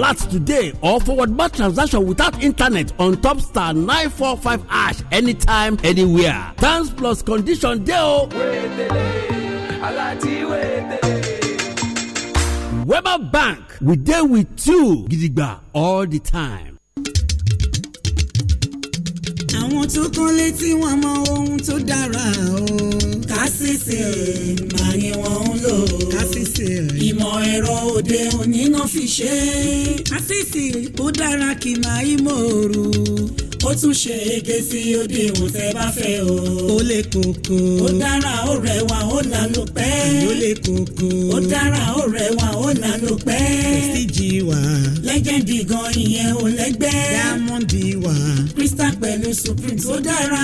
alert today or forward back transaction without internet on top star 945 ash anytime anywhere thanks plus condition deo weber bank we deal with you gidigba all the time àwọn tó kán létí wọn mọ ohun tó dára o. kásìsì mà ni wọ́n ń lò. kásìsì ìmọ̀ ẹ̀rọ òde òní náà fi ṣe. kásìsì ó dára kì máa í mòrú ó tún ṣe ege sí òdiwọ̀n tẹ́ bá fẹ́ o. ó lè kókó. ó dára ó rẹwà ó lànà pẹ́. ó lè kókó. ó dára ó rẹwà ó lànà pẹ́. prestige wà. lẹ́gẹ̀dì gan ìyẹn ò lẹ́gbẹ́. diamond wà. crystal pẹ̀lú supreme tó dára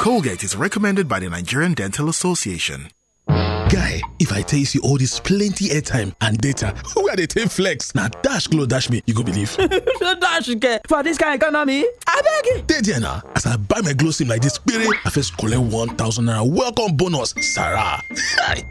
Colgate is recommended by the Nigerian Dental Association. Guy, if I tell you all this plenty airtime and data, who are they take flex? Now dash glow dash me, you go believe. dash get for this kind economy. I beg you. Dey there now, as I buy my glow sim like this, spirit, I first collect one thousand naira welcome bonus, Sarah.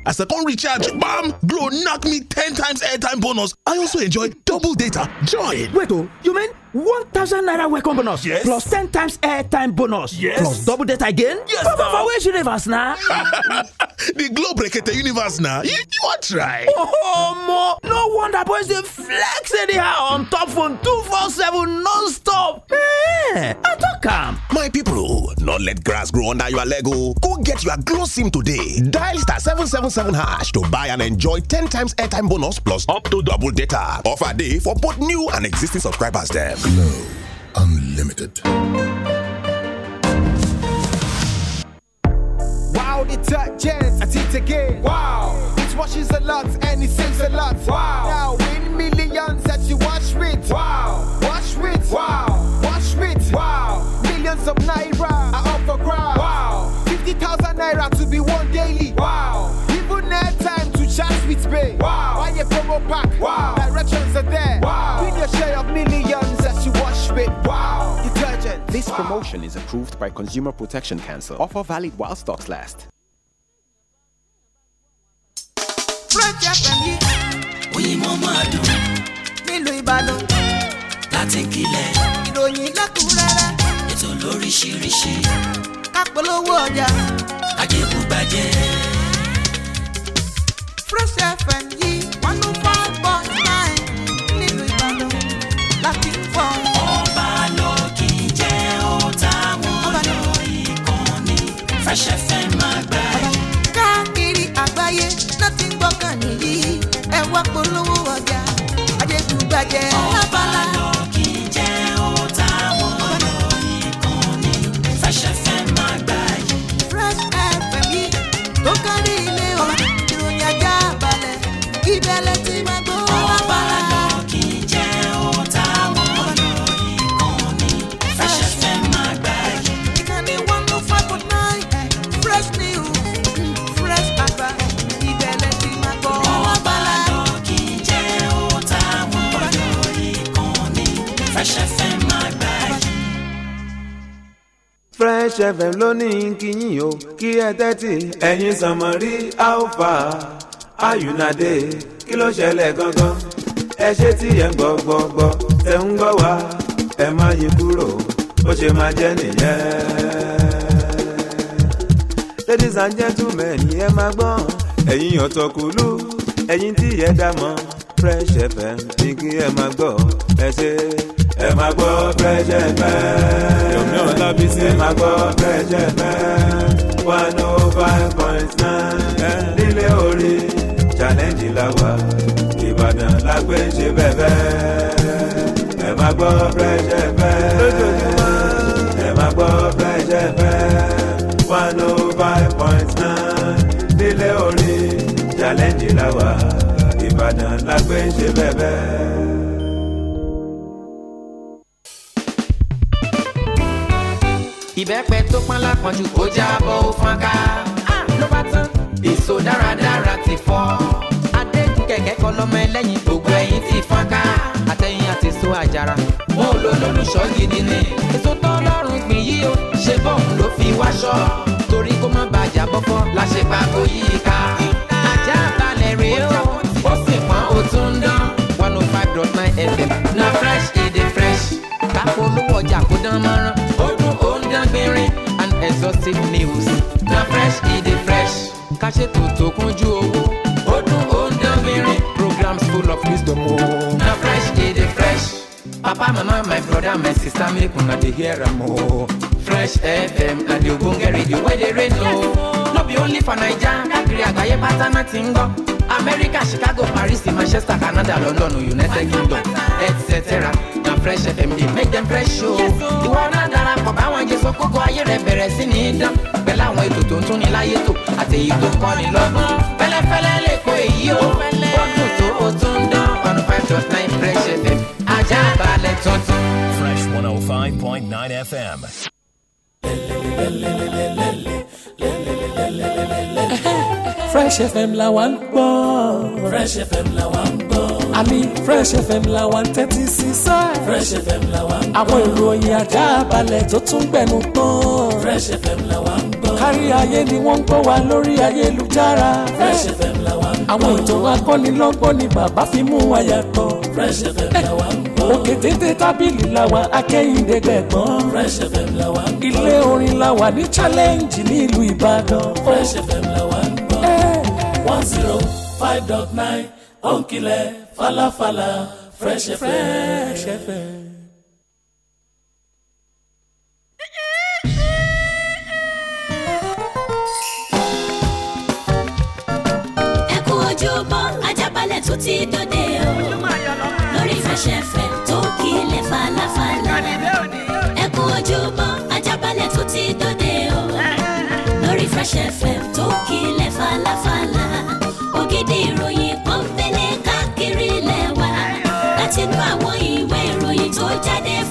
as I come recharge, bam, glow knock me ten times airtime bonus. I also enjoy double data. Join. Wait, oh, you mean One thousand naira welcome bonus yes plus ten times airtime bonus yes plus double data again yes papa for which universe na the globe rekete universe na you wan try oh mo no wonder boys dey flex anyhow on top phone two four seven non-stop eh i tok am my people, no let grass grow under your leg o oh. go get your glow sim today dial star seven seven seven hash to buy and enjoy ten times airtime bonus plus up to double data offer dey for both new and existing subscribers dem Glow Unlimited. Wow, detergent, I it again. Wow, it washes a lot and it saves a lot. Wow, now win millions that you wash with. Wow, wash with. Wow, wash with. Wow, millions of naira are up for grabs. Wow, 50,000 naira to be won daily. Wow, even net time to chat with pay. Wow, buy a promo pack. Wow, directions are there. Wow, with your share of millions spit wow detergent. This wow. promotion is approved by Consumer Protection Council. Offer valid while stocks last. Fresh FM Fresh FM máa gbà yìí. káàkiri àgbáyé láti ń gbọ́kàn nìyí ẹ wá polówó ọjà ajẹ́kùgbàjẹ́ alábàlá. Fresh FM lónìí kìyìn o kí ẹ tẹ́tì. ẹ̀yin sànmọ́rí alpha ayunade kí ló ṣẹlẹ̀ gangan ẹ ṣe tí ẹ ń gbọ́ gbọ́ gbọ́ ẹ ń gbọ́ wá ẹ má yí kúrò bó ṣe máa jẹ́ nìyẹn. ladies and gentlemen ẹ máa gbọ́n ẹ̀yin ọ̀tọ̀kùlú ẹ̀yin tí ẹ dá mọ́ Fresh FM ní kí ẹ máa gbọ́ ẹ ṣe ẹ máa gbọ́ pẹ́jẹ́pẹ́. yomi ọlábísí ẹ máa gbọ́ pẹ́jẹ́pẹ́. one oh five point nine eh. nílé orí challenge la wà ìbàdàn la gbé ṣe bẹ́ẹ̀ ẹ máa gbọ́ pẹ́jẹ́pẹ́. lójoojúmọ́ ẹ máa gbọ́ pẹ́jẹ́pẹ́. one oh five point nine nílé orí challenge la wà ìbàdàn la gbé ṣe bẹ́ẹ̀. ìbẹ́pẹ tó pọ́n lápọ̀jù ó jábọ́ ó fọ́n ká ah! ló bá tán èso dáradára ti fọ́ adégun kẹ̀kẹ́ kọ́ lọ́mọ ẹlẹ́yin gbogbo ẹ̀yìn ti fọ́n ká àtẹ̀yìn àti èso àjàrà mo lò lólùṣọ́ gidi ni èso tọ́lọ́run gbìn yí ṣe bọ́ọ̀mù ló fi wáṣọ torí kó má bàjẹ́ bọ́fọ́ la ṣe pa kó ká. gossip news. na fresh e dey fresh. ká ṣètò tó kúnjú owó. ó dún oúnjẹ mìíràn. programs full of wisdom o. na fresh e dey fresh. papa mama my brother my sister make una dey hear am o. fresh fm na the ogbonge radio wey dey reign o. no be only for naija káàkiri àgbáyé pátá náà america chicago paris manchester canada london united kingdom etc na fresh fm dey make dem fresh o ìwọ náà darapọ̀ báwọn jésù kókó ayé rẹ̀ bẹ̀rẹ̀ sí ní dán pẹ̀lú àwọn ètò tó ń tún ní láyé tó àti èyí tó kọ́ni lọ́gbọ́n fẹ́lẹ́fẹ́lẹ́ lè kó èyí o oh. ó tó o tún ń dán one oh five dot nine fresh fm ajá balẹ̀ tuntun. fresh one oh five point nine fm fresh fm la wa ń gbọ́. fresh fm la wa ń gbọ́. àmì fresh fm la wa ń tẹ́tí sí sá. fresh fm la wa ń gbọ́. àwọn ìròyìn ajá balẹ̀ tó tún gbẹnu tán. fresh fm la wa ń gbọ́. kárí ayé ni wọ́n ń gbọ́ wa lórí ayélujára. fresh fm la wa ń gbọ́. àwọn ìtàn akọ́nilọ́gbọ́n ni bàbá fi mú wa yàtọ̀. fresh fm la wa ń gbọ́ òkè téńté tábìlì làwa akẹ́yìndé gbẹ̀gbọ́n. Fresh FM làwa ń gbọ́. ilé orin làwa ní challenge ní ìlú Ìbàdàn. Fresh FM làwa ń gbọ́. one zero five dot nine òǹkìlẹ̀ falafala Fresh FM. Fresh FM. tó ti dòde. Fresh FM tó kílẹ̀ falafala. ẹ kú ojúmọ́ ajábalẹ̀ tó ti dòde o. lórí Fresh FM tó kílẹ̀ falafala. ògidì ìròyìn kan fẹ́lẹ̀ káàkiri lẹ́wà. látinú àwọn ìwé ìròyìn tó jáde fún.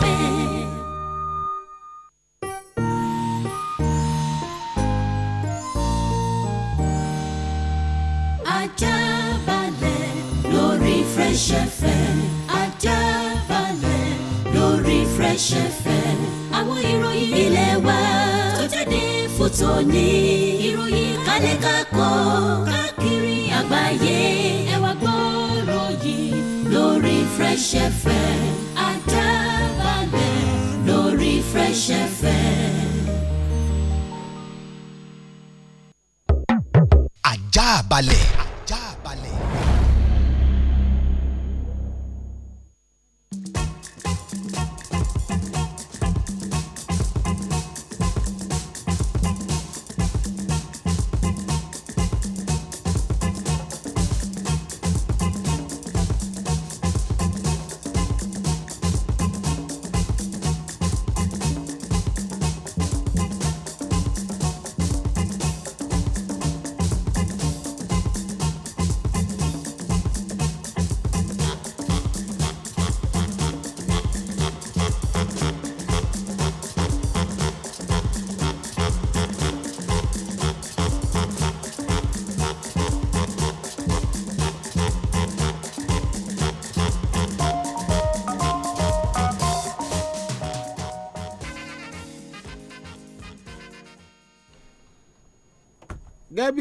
tòní. ìròyìn kálẹ̀ kakọ́ káàkiri àgbáyé. ẹ wá gbọ́rọ̀ yìí lórí Fresh FM Àdábàgbẹ̀ lórí Fresh FM. àjà balẹ̀.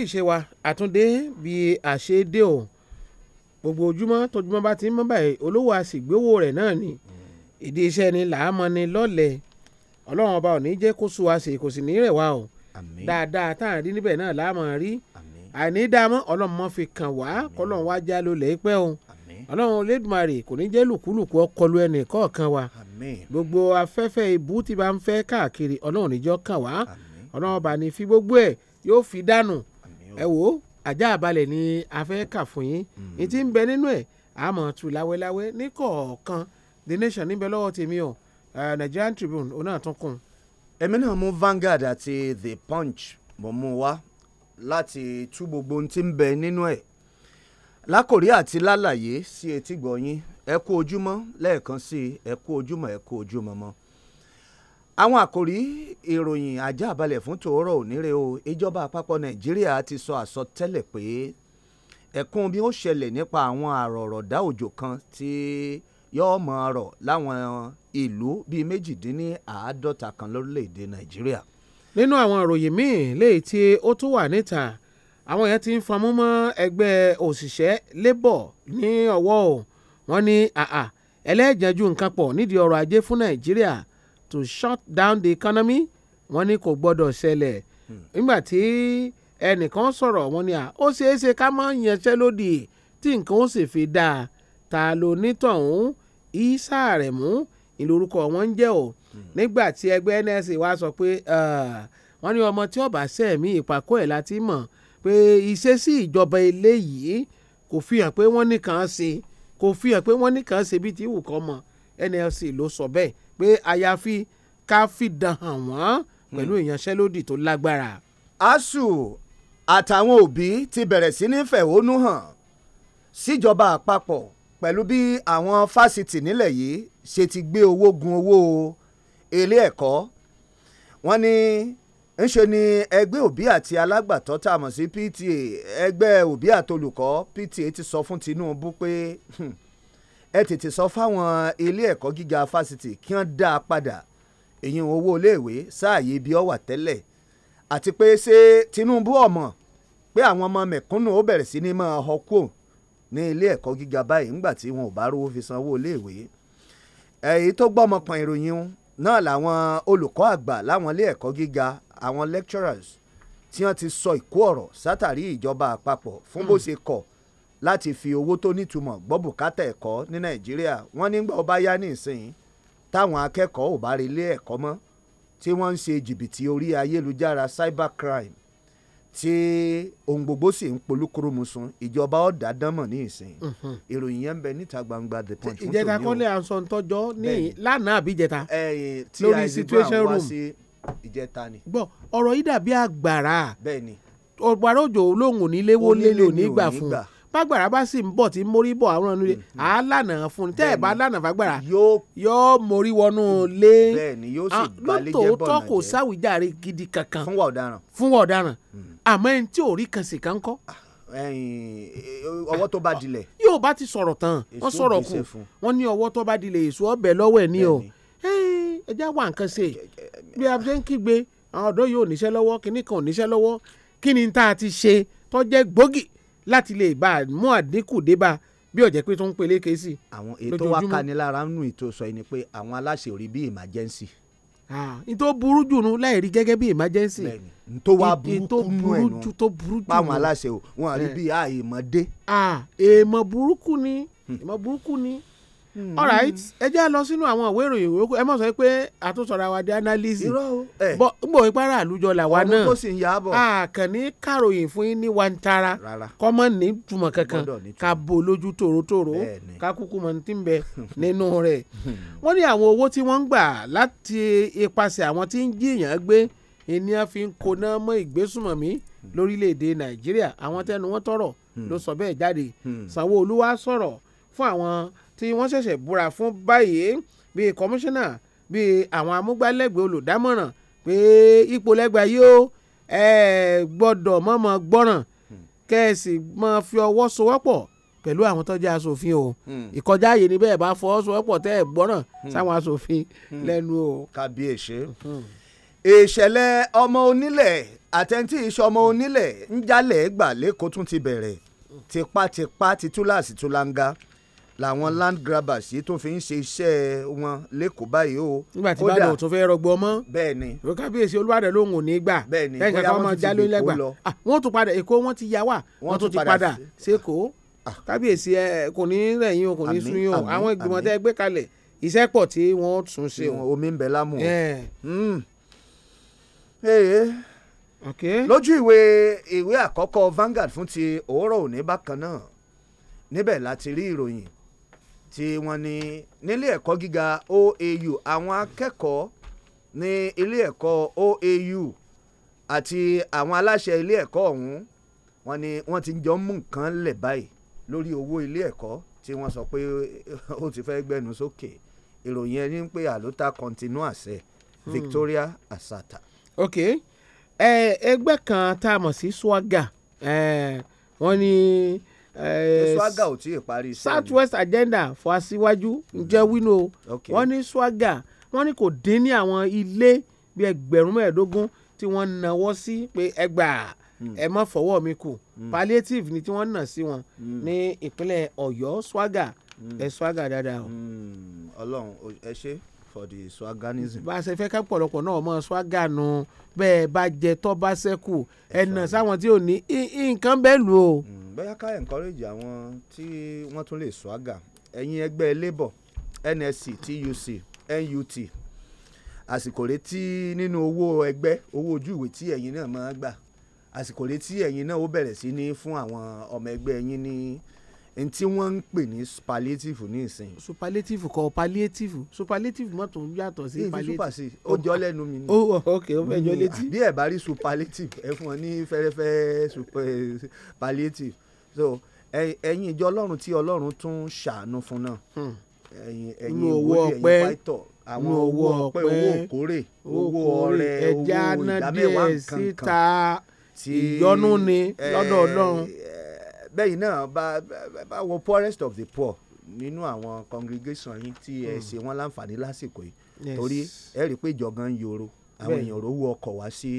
bí ìṣe wa àtúndé bí àṣedé o gbogbo ojúmọ́ tójúmọ́ bá ti ń mọ́ báyìí olówó àsìgbówó rẹ̀ náà ni ìdí iṣẹ́ ni làámọ́ ni lọ́lẹ̀ ọlọ́run ọba ò ní jẹ́ kó sú wa sí kò sì ní rẹ̀ wá o dáadáa tá à ń rí níbẹ̀ náà làámọ́ rí àní dáamọ́ ọlọ́run mọ́ fi kàn wá kọ́lọ́run wá já lólẹ̀ pẹ́ o ọlọ́run olódùmarè kò ní jẹ́ lùkúlùkù ọkọlù ẹnì kọ̀ọ̀kan wa gbogbo afẹ́fẹ́ ibú tí bá ń fẹ́ káàkiri ọlọ́run níjọ́ kàn wá ọlọ́run ọba ní fi gbogbo ẹ̀ yóò fi dànù ẹ wò ajá balẹ̀ ni a fẹ́ kà fún yín ní hmm. ti ń bẹ nínú ẹ̀ àmọ́ tù láwẹ́láwẹ́ ní kọ̀ọ̀kan the nation níbẹ̀ lọ́wọ́ tèmi o Nigerian Tribune òun tún kún. èmi náà mú Vanguard àti The Punch mo mú wá láti tú gbogbo ohun tí ń bẹ nínú ẹ̀ lákòrí àti lálàyé sí etí gbọ̀nyín ẹ kú ojúmọ́ lẹ́ẹ̀kan sí ẹ kú ojúmọ́ ẹ kú ojúmọ́ mọ́ àwọn àkòrí ìròyìn ajá àbálẹ̀ fún tòórọ̀ ònírè o ìjọba àpapọ̀ nàìjíríà ti sọ àsọtẹ́lẹ̀ pé ẹ̀kún bí ó ṣẹlẹ̀ nípa àwọn àrọ̀rọ̀dá òjò kan tí yóò mọ̀ ọ̀rọ̀ láwọn ìlú bíi méjìdínláàádọ́ta kan lórílẹ̀‐èdè nàìjíríà. nínú àwọn ìròyìn míì léyìí tí ó tún wà níta àwọn yẹn ti ń famú mọ́ ẹgbẹ́ òṣìṣẹ́ labour ní ọwọ́ o wọ́n ní àà ẹlẹ́jẹ̀jú nǹkan pọ̀ nídìí ọrọ̀ ajé fún nàìjíríà to shut down the economy wọ́n ní kò gbọ́dọ̀ ṣẹlẹ̀ nígbà tí ẹnìkan sọ̀rọ̀ wọ́n ní à ó ṣeé ṣe ká má yanṣẹ́ lódì tí nǹkan ó sì fi dáa ta ló nítọ̀hún Ìsá Àrẹ̀mú ìlórúkọ wọn ń jẹ́ o nígbà tí ẹgbẹ́ NSA wá sọ pé wọ́n ní ọmọ tí ọba sẹ́ẹ̀mí ìpàkọ́ ẹ̀ láti mọ̀ pé ìṣesí ìjọba eléyìí kò fi hàn pé wọ́n nìkan ṣe kò fi hàn pé wọ́n nìkan ṣe bí ti wù kọ́ mọ́ NLC ló sọ bẹ́ẹ̀ pé àyàfi ká fìdán hàn wọ́n pẹ̀lú hmm. ìyanṣẹ́lódì tó lágbára. ASUU àtàwọn òbí ti bẹ̀rẹ̀ sí ní fẹ̀hónú hàn síjọba àpapọ̀ pẹ̀lú bí àwọn fásitì nílẹ̀ yìí ṣe ti gbé owó gun owó ilé ẹ̀kọ́ wọ́n ní ńṣe ni ẹgbẹ́ òbí àti alágbàtọ́ tá a mọ̀ sí PTA ẹgbẹ́ òbí àtolùkọ́ PTA ti sọ fún Tinubu pé hmm, ẹ tètè sọ fáwọn ilé ẹ̀kọ́ gíga fásitì kí wọ́n dá a padà èyí owó iléèwé sáàyè ibi ọ̀wà tẹ́lẹ̀ àti pé ṣé Tinubu ọ̀mọ̀ pé àwọn ọmọ mẹ̀kúnnù ó bẹ̀rẹ̀ sí ní máa họ kúò ní ilé ẹ̀kọ́ gíga báyìí ńgbà tí wọn ò bá rówó fi sanwó iléèwé èyí tó gbọ́mọpọn ìròyìn náà làwọn olùkọ́ àgbà láwọn ilé ẹ̀kọ́ gíga àwọn lecturers tí wọ́n ti sọ ìkó ọ̀rọ̀ sátàrí ìjọba àpapọ̀ fún bó hmm. ṣe kọ̀ láti fi owó tó nítumọ̀ gbọ́ bùkátà ẹ̀kọ́ ní nàìjíríà wọ́n nígbà ó bá yá nísìnyí táwọn akẹ́kọ̀ọ́ ò bá relé ẹ̀kọ́ mọ́ tí wọ́n ń ṣe jìbìtì orí ayélujára cybercrime tí ohun gbogbo sì ń polúkúrúmusun ìjọba ọ̀dà dánmọ̀ ní ìsìn mhm. ìròyìn yẹn ń bẹ níta gbangba the punch fún tòní o ìjẹta kọ́lé aṣọ ntọ́jọ́ ní lánàá àbí lórí situation room ìjẹta ni. gbọ́ ọ̀rọ̀ yìí dàbí àgbàrá ọ̀gbàrá òjò olóhùn oníléwọlé lò nígbà fún un bágbàrá bá sì ń bọ̀ tí mórí bọ̀ àwọn ọ̀nà mm-hmm. à lànà fún un tẹ́ ẹ̀ bá lànà fàgbàrà yóò mórí wọnú lé ah, lótòótọ́ kò sáwìjàre gidi kankan fún wa ọ̀daràn mm. àmọ́ ẹni tí ò rí kan sì kan kọ́. Ah, ọwọ́ tó bá dilẹ̀. yóò bá ti sọ̀rọ̀ tán wọ́n sọ̀rọ̀ kù wọ́n ní ọwọ́ tó bá dilẹ̀ èso ọbẹ̀ lọ́wọ́ ẹ̀ ní o ẹ já wà nǹkan ṣe bí a ṣe ń kígbe àwọn ọ̀dọ́ yóò níṣẹ́ lọ́wọ́ kíní kan ò níṣẹ́ lọ́wọ́ kíni tá a ti ṣe tó gbòógì láti lè bá a mú àdínkù débà bí ọ̀jẹ̀ pé tó ń pelé ké sí. àwọn ètò wa kanilára nù ètò sọ yìí pé àwọn aláṣẹ ò rí bí emergency. n tó burú jù láì rí gẹ́gẹ́ bí emergency. n tó burúkú nù ẹ̀ nù báwọn aláṣẹ ò wọn rí bí àìmọ̀dé. èèmọ̀ burúkú ni èèmọ̀ burúkú ni Hmm. alright hmm. ẹ já lọ sínú àwọn ìwé ìròyìn yòókù ẹ mọ̀ sọ pé àtúnṣọra wa di analysis bọ́ nbọ ìpara àlùjọ làwa náà àkànní kàròyìn fún yín ní wantara kọ́mọ ní túmọ̀ kankan ká bo lójú tòrótòró ká kúkú mọ̀ ní tí ń bẹ nínú rẹ̀ hmm. wọ́n ní àwọn owó tí wọ́n ń gbà láti ipasẹ̀ àwọn tí ń jiyàn gbé ènìyàn fi ń koná mọ́ ìgbésùmọ̀mí lórílẹ̀‐èdè nàìjíríà àwọn tẹnu wọn tí wọ́n ṣẹ̀ṣẹ̀ búra fún báyìí bíi kọmíṣánná bíi àwọn amúgbálẹ́gbẹ̀ẹ́ olùdámọ̀ràn pé ipò lẹ́gbàá yìí ó ẹ gbọ́dọ̀ mọ́mọ́ gbọ́ràn kẹ́ẹ̀sì mọ́ fi ọwọ́ sowọ́pọ̀ pẹ̀lú àwọn tó jẹ́ aṣòfin o hmm. ìkọjá ààyè ni bẹ́ẹ̀ bá fọwọ́ sowọ́pọ̀ tẹ́ ẹ̀ gbọ́ràn hmm. sáwọn aṣòfin hmm. lẹ́nu o. kábíyèsí ìṣẹ̀lẹ̀ ọmọ onílẹ̀ àtẹ̀ntì iṣẹ́ ọmọ onílẹ̀ ń jalè gbà lẹ́kọ̀ọ́ tún ti bẹ̀rẹ̀ tipátipá titúláàsì túláńgá. Si làwọn land grabbers yìí tó fi ń ṣe iṣẹ́ wọn lẹ́kọ̀ọ́ báyìí o. nígbà tí bàdàn tó fẹ́ rọgbọ mọ́. bẹ́ẹ̀ni o kábíyèsí olúwàdàn lòun ò ní gbà. bẹ́ẹ̀ni bóyá wọn ti di èkó lọ. Ah, wọ́n tún padà èkó wọ́n ti yá wà wọ́n tún ti padà sékòó ah. kábíyèsí ẹ eh, kò ní rẹ̀yìn o kò ní sún yín o àwọn ìgbìmọ̀ tẹ́ gbé kalẹ̀ iṣẹ́ pọ̀ tí wọ́n tún ṣe omi ń bẹ lámù hmm. lójú ìwé ìwé àkọ́kọ́ Vanguard fún ti òórọ̀ òní bákan náà níbẹ̀ láti rí ìròyìn tí wọ́n ní nílé ẹ̀kọ́ gíga OAU àwọn akẹ́kọ̀ọ́ ní ilé ẹ̀kọ́ OAU àti àwọn aláṣẹ ilé ẹ̀kọ́ ọ̀hún wọ́n ní wọ́n ti jọ mú nǹkan lẹ̀ báyìí lórí owó ilé ẹ̀kọ́ tí wọ́n sọ pé ó ti fẹ́ gbẹnu sókè ìròyìn ẹni pé àlótà continua sẹ Victoria Asata. ok ẹgbẹ́ eh, eh, kan tá a mọ̀ sí swaga eh, wọ́n ní. Ni Eh, swaga ò tí ì parí iṣẹ́ south west agenda fún aṣíwájú ǹjẹ́ mm-hmm. wínú o wọ́n ní swaga wọ́n ní kò dín ní àwọn ilé bíi ẹgbẹ̀rún mẹ́ẹ̀ẹ́dógún tí wọ́n nawọ́ sí pé ẹgbà mm. ẹ má fọwọ́ mi kù mm. palliative ni tí wọ́n nà sí wọn mm. ní ìpínlẹ̀ ọ̀yọ́ swaga ẹ swaga dáadáa o. ẹ ṣe for the swaganism. bá a ṣe fẹ́ ká pọ̀lọpọ̀ náà mọ swaganu bẹ́ẹ̀ bá jẹ tọ́ bá ṣẹ́kù ẹ̀nà sáwọn tí ò ní nǹkan bẹ́ẹ̀ lù o. Mm, bóyá ká encourage àwọn tí wọ́n tún lè swaga ẹ̀yin ẹgbẹ́ labour nsc tuc nut àsìkò retí nínú owó ẹgbẹ́ owó ojú ìwé tí ẹ̀yin náà máa gbà àsìkò retí ẹ̀yin náà ó bẹ̀rẹ̀ sí ní fún àwọn ọmọ ẹgbẹ́ yín ní. Ni n tí wọ́n ń pè ní superlative ní ìsìn. superlative kọ palliative superlative mọ̀ tó ń yàtọ̀ sí palliative. super sí ó jọ lẹ́nu mi ni. ó ok ó fẹ́ jọ létí. bí ẹ bá rí superlative ẹ fún ọ ní fẹ́rẹ́fẹ́ palliative so ẹ̀yin ìjọ ọlọ́run tí ọlọ́run tún ṣàánú fún náà hmm. ẹ̀yin ẹ̀yin owó ọpẹ́ àwọn owó ọpẹ́ owó òkórè owó ọrẹ owó ìdámẹ́wàá kankan tí ìyọnu ni lọ́dọ̀ ọlọ́run bẹ́yìn náà bá bá wọ poorest of the poor nínú àwọn congregation yín tí ẹ hmm. ṣe wọn láǹfààní lásìkò yìí torí ẹ rí i pé ìjọ̀gàn ń yòrò àwọn èèyàn rówó ọkọ̀ wá sí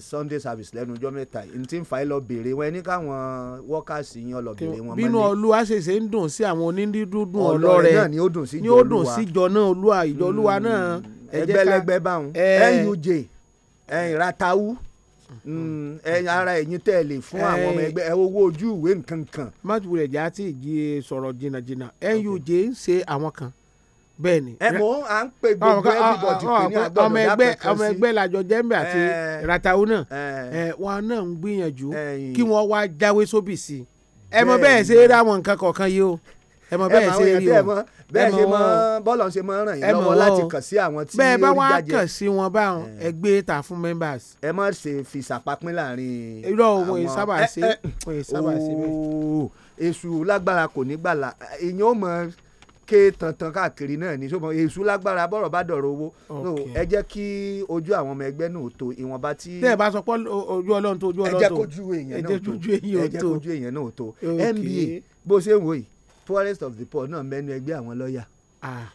sunday service lẹ́nu ọjọ́ mẹ́ta n tí ń fa ẹ lọ béèrè wọn ẹni káwọn workers yín ọ lọ béèrè wọn mọ́lẹ̀. bínú olúwa ṣèṣe ń dùn sí àwọn onídídúdùn ọlọ́rẹ̀ náà ni ó dùn sí ìjọ ni ó dùn sí ìjọ náà olúwa ìjọ olúwa hmm. náà ẹgbẹ́lẹ́gbẹ́ báwọn nuj ratau Mm, ara ẹ̀yin tẹ́ fún àwọn ọmọ ẹgbẹ́ owó ojú ìwé nǹkan kan. májú rẹ̀ já sí ìjì sọ̀rọ̀ jìnnàjìnnà nuj ń ṣe àwọn kan bẹ́ẹ̀ ni. ẹ mọ à ń pe gbogbo everybody pé ní agbọ́dọ̀ yàtọ̀ kan sí. ọmọ wọn náà ń gbìyànjú kí wọ́n ẹ mọ bẹ́ẹ̀ ṣe é nǹkan kọ̀ọ̀kan yìí o. bẹ́ẹ̀ ṣe mọ bọ́ọ̀lù ṣe mọ ràn yín lọ́wọ́ láti kàn sí àwọn tí ó rí jáde. bẹ́ẹ̀ bá wọn kàn sí wọn báwọn ẹgbẹ́ ta fún members. ẹ má ṣe fi sàpapín láàrin. irọ́ òun èyí sábà ṣe òun èyí sábà ṣe bẹ́ẹ̀. èṣù lágbára kò ní gbàlà èyàn ó mọ ké tantan káàkiri náà ní sọmọ èṣù lágbára bọ́rọ̀ bá dọ̀rọ̀ owó ẹ jẹ́ kí ojú àwọn ọmọ ẹgbẹ́ náà tó ìwọ̀nba tí. tẹ́ ẹ bá sọ pé ojú ọlọ́run tó ojú ọlọ́run tó ẹ jẹ́ kójú èèyàn náà tó ẹ jẹ́ kójú èèyàn náà tó nba bó ṣe ń wò poorest of the poor náà mẹ́nu ẹgbẹ́ àwọn lọ́ọ̀yà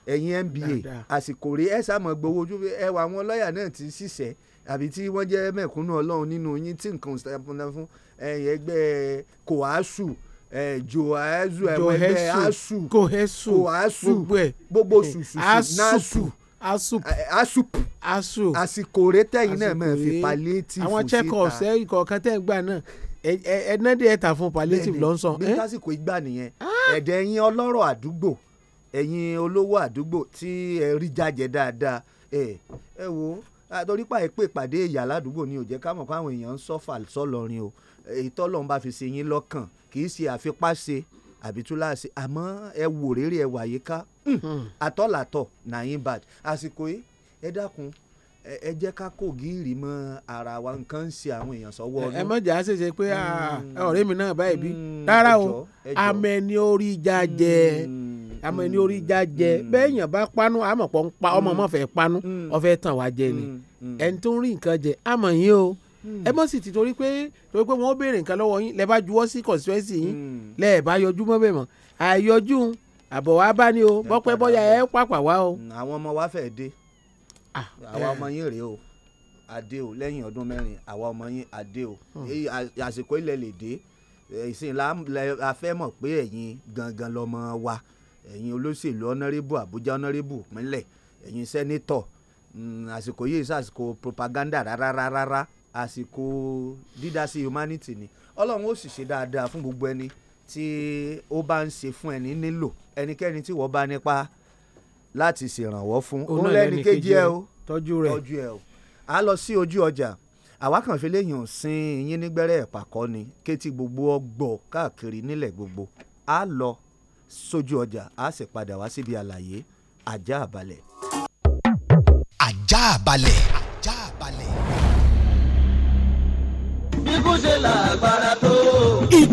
ẹ̀yin nba àsìkò rèé ẹ̀ sá mọ̀ gbowó ojú ẹwà àwọn lọ́ọ̀yà náà ti ṣiṣẹ́ àbí tí wọ́n jẹ́ mẹ̀kúnnù ọlọ́run nínú yín tí nǹkan ṣàpọnà fún ẹ̀yìn ẹgbẹ́ kòásù joazu ẹgbẹ́ asu kòhẹ́sù gbogbo ṣùṣù nasu asup asu àsìkò rèé tẹ̀yìn náà mọ̀ fi palliative síta àwọn check-ups ẹ̀yìn kọ̀ọ̀kan tẹ̀ gbà náà ẹ̀ẹ́dẹ́gbẹ̀ta fún palliative lọ́sàn. bí kásìkò ìgbà nìyẹn ah ẹ̀dẹ̀ ẹ̀yin ọlọ́rọ̀ àdúgbò ẹ̀yin olówó àdúgbò tí ẹ rí jájẹ dáadáa ẹ ẹ wo torí pa ìpè ìpàdé ìyá ládùúgbò ni ò jẹ́ ká mọ̀ káwọn èèyàn ń sọ́fà sọ́lọ́rin o èyí tọ́lọ́run bá fi ṣe yín lọ́kàn kì í ṣe àfipáṣe àbí túláàṣe àmọ́ ẹ wò rere ẹ wàyíká hmm. hmm. àtọ́làtọ̀ nàyín bad àsìkò yìí ẹ dákun ẹ jẹ́ ká kò gírì mọ́ ara wa nǹkan ń ṣe àwọn èèyàn sọ́wọ́ ọdún. ẹ mọ̀jà ṣèṣe pé ah, mm. ọ̀rẹ́ mi náà báyìí bí mm, rárá o amẹni orí jajẹ amẹni mm, orí jajẹ bẹ́ẹ̀ yàn bá panu àmọ̀ pọ̀ ń pa ọmọ ọmọ fẹ́ panu ọ̀fẹ́ tàn wá jẹ ni ẹni tó ń rí nǹkan jẹ àmọ̀ yín o ẹ mọ̀ sì ti torí pé torí pé wọ́n béèrè nǹkan lọ́wọ́ yín lẹ́ẹ̀ bá juwọ́ sí constituency yín lẹ́ẹ̀ bá yọjú mọ́ bẹ́ẹ̀ mọ́ àyọjú àbọ̀ bá ní o bọ́pẹ́ bọ́yá ẹ pàpà wá o. àwọn ọmọ wa fẹ́ dé àwa ọmọ yín rèé o adé o lẹ́yìn ọdún mẹ́rin àwa ọmọ yín adé o hmm. àsìkò ilẹ̀ lè dé ìsìn la fẹ́ mọ̀ pé ẹ̀yin gangan lọ́mọ wa ẹ̀yin olóṣèlú ọ̀nàrẹ́bù àbújá ọ̀nàrẹ́bù pínlẹ̀ ẹ̀yin sẹ́nitọ̀ hmm, àsìkò yìí sàsìkò propaganda rárárárá àsìkò dídá sí humanity ni ọlọ́run ó sì ṣe dáadáa fún gbogbo ẹni tí ó bá ń ṣe fún ẹni nílò ẹnikẹ́ni tí wọ́n bá nípa láti ṣèrànwọ́ fún òun lẹ́ni kejì ẹ o tọ́jú rẹ̀ tọ́jú ẹ o a lọ sí ojú ọjà àwa kàn fi léyìn òsín yín nígbẹ́rẹ́ ìpàkọ́ ni kétí gbogbo ọgbọ̀ káàkiri nílẹ̀ gbogbo a lọ sójú ọjà a sì padà wá síbi àlàyé ajá àbálẹ̀. ajá àbálẹ̀. ajá àbálẹ̀. bí kò ṣe làgbára tó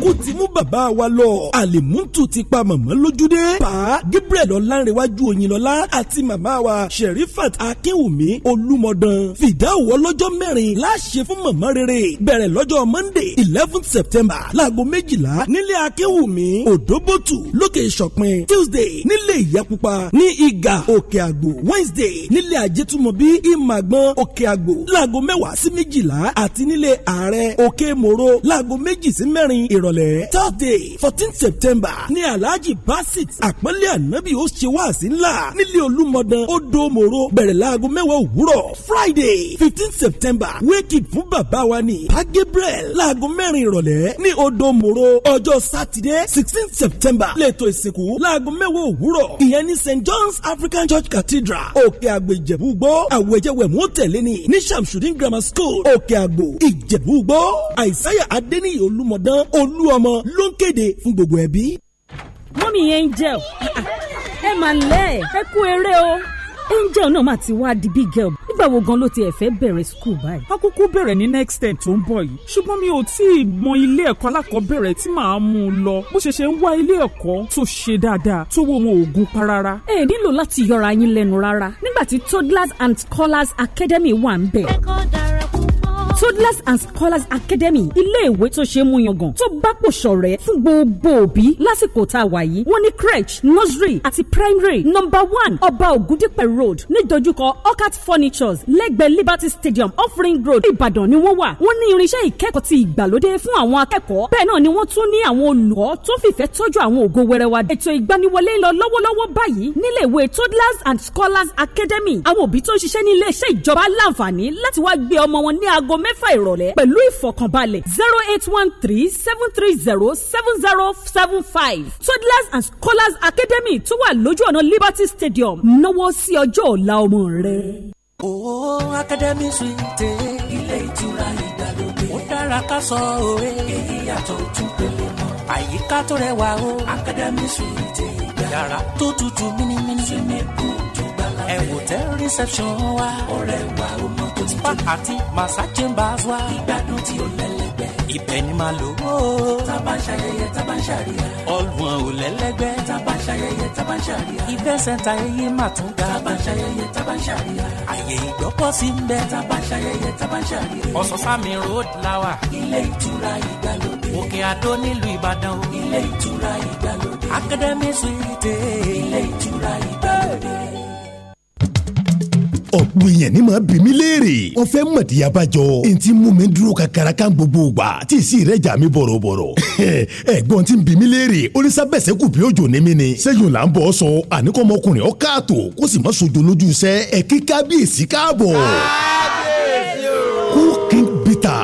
ikú ti mú bàbá wa lọ àlèmútù ti pa màmá lójúdé pa Gabriel ọlárẹ̀wájú òyìnlọ́lá àti màmá wa Sherifat akínwùmí olúmọdán fìdáwò ọlọ́jọ́ mẹ́rin láṣẹ fún màmá rere bẹ̀rẹ̀ lọ́jọ́ Monday eleven September láago méjìlá nílé akínwùmí òdòbòtù lókè ìṣọ̀pin Tuesday nílé ìyàpupa ní ìgà òkè àgbò Wednesday nílé àjẹtùmọ̀bí ìmàgbọ́n òkè àgbò láago mẹ́wàá sí méjìlá àti nílé ààrẹ òkè mòro láago méjì sí mẹ́rin ìrọ̀ nírọ̀lẹ́ thursday fourteen september ni alhaji basit àpọ́nlé ànábì ó ṣe wáàsí ńlá nílé olúmọdán ó do mòro bẹ̀rẹ̀ láago mẹ́wàá òwúrọ̀ friday fifteen september wéèkì fún bàbá wa ní pa gabriel láago mẹ́rin ìrọ̀lẹ́ ní odo mòro ọjọ́ sátidé sixteen september lẹ́tọ̀ ìsìnkú láago mẹ́wàá òwúrọ̀ ìyẹn ní st john's african church cathedral òkè àgbò ìjẹ̀bú-gbó àwẹ̀jẹ̀wẹ̀mú tẹ̀lé ni ní shamsudin grammar school òkè àgbò ìjẹ̀bú-gbó àìsáyà adẹ́niyè olúmọdán olú olú ọmọ ló ń kéde fún gbogbo ẹbí. mọ́mí angel ẹ mà lẹ́ ẹ kú eré o angel náà mà ti wá di big girl nígbà wo gan ló ti ẹ̀ fẹ́ bẹ̀rẹ̀ school báyìí. a kúkú bẹ̀rẹ̀ ní next term tó ń bọ̀ yìí ṣùgbọ́n mi ò tí ì mọ ilé ẹ̀kọ́ alákọ̀ọ́bẹ̀rẹ̀ tí màá mú un lọ bó ṣe ṣe ń wá ilé ẹ̀kọ́ tó ṣe dáadáa tó wo wọn oògùn pa rárá. ẹ nílò láti yọra yín lẹ́nu rárá nígbà tí toddlers and scholars academy wà ń bẹ̀. ẹ̀kọ́ dára toddlers and scholars academy iléèwé tó ṣe é mú yangàn tó bá pò ṣọ̀rẹ́ fún gbogbo òbí lásìkò tá a wà yìí wọ́n ní crèche nursery àti primary number one ọba ògúndípẹ̀ road nídojúkọ orchard furnitures lẹ́gbẹ̀ẹ́ liberty stadium offering road ìbàdàn ni wọ́n wà wọ́n ní irinṣẹ́ ìkẹ́kọ̀ọ́ ti ìgbàlódé fún àwọn akẹ́kọ̀ọ́ bẹ́ẹ̀ náà ni wọ́n tún ní àwọn olùkọ́ tó fìfẹ́ tọ́jú àwọn ògo wẹrẹwà ètò ìgbaniwọlé lọ lọ́wọ́lọ́wọ́ báyìí nílé toddlers and scholars academy àwọn òbí tó ń ṣiṣẹ́ ní iléeṣẹ́ ìjọba láǹfààní láti wá gbé ọmọ wọn ní aago mẹ́ mẹ́fà ìrọ̀lẹ́ pẹ̀lú ìfọ̀kànbalẹ̀ zero eight one three seven three zero seven zero seven five toddlers and scholars academy tó wà lójú ọ̀nà liberty stadium náwó sí ọjọ́ ọ̀la ọmọ rẹ. o academy suite ilé ìtura ìgbàlódé ó dára ká sọ òwe èyí yàtọ̀ ojú pele mọ́ àyíká tó rẹwà o academy suite yàrá tó tutù mímímí. sinimu ẹ wò tẹ́ reception wa. ọ̀rẹ́ wa ó mọ tó ti tó. spa àti massage chambers wa. ìgbádùn tí ó lẹ́lẹ́gbẹ́. ibẹ̀ ni màá lò ó. tábà ń ṣayẹyẹ tábà ń ṣàríyá. ọlùwọ̀n ò lẹ́lẹ́gbẹ́. tábà ń ṣayẹyẹ tábà ń ṣàríyá. ibẹ̀ sẹ́ńtà ẹyẹ máa tún ga. tábà ṣayẹyẹ tábà ń àyè ìgbọ́pọ̀ sí ń bẹ. tábà ṣayẹyẹ tábà ń ṣàríyá. ọ̀sánsámi road lawa. ilé ìtura ìgbàlódé. òkè àdó nílùú ìbàdàn. ilé ìtura ìgbàlódé. academy suite. ilé ìtura ìgbàlódé ọ̀pọ̀ èèyàn ní máa bí mi léèrè wọ́n fẹ́ mọ̀dí abájọ n ti mú mi dúró ka karaka gbogbo gbà tí ì sí rẹ̀ jà mí bọ̀rọ̀bọ̀rọ̀ ẹ̀gbọ́n ti bí mi léèrè onísàbẹ̀sẹ̀ kù bí òjò ní mi ni sẹ́yìn là ń bọ̀ sọ àníkọ́mọkùnrin ọ̀ káàtó kó sì má sojo lójú iṣẹ́ ẹ̀ kí kábíyèsí káàbọ̀.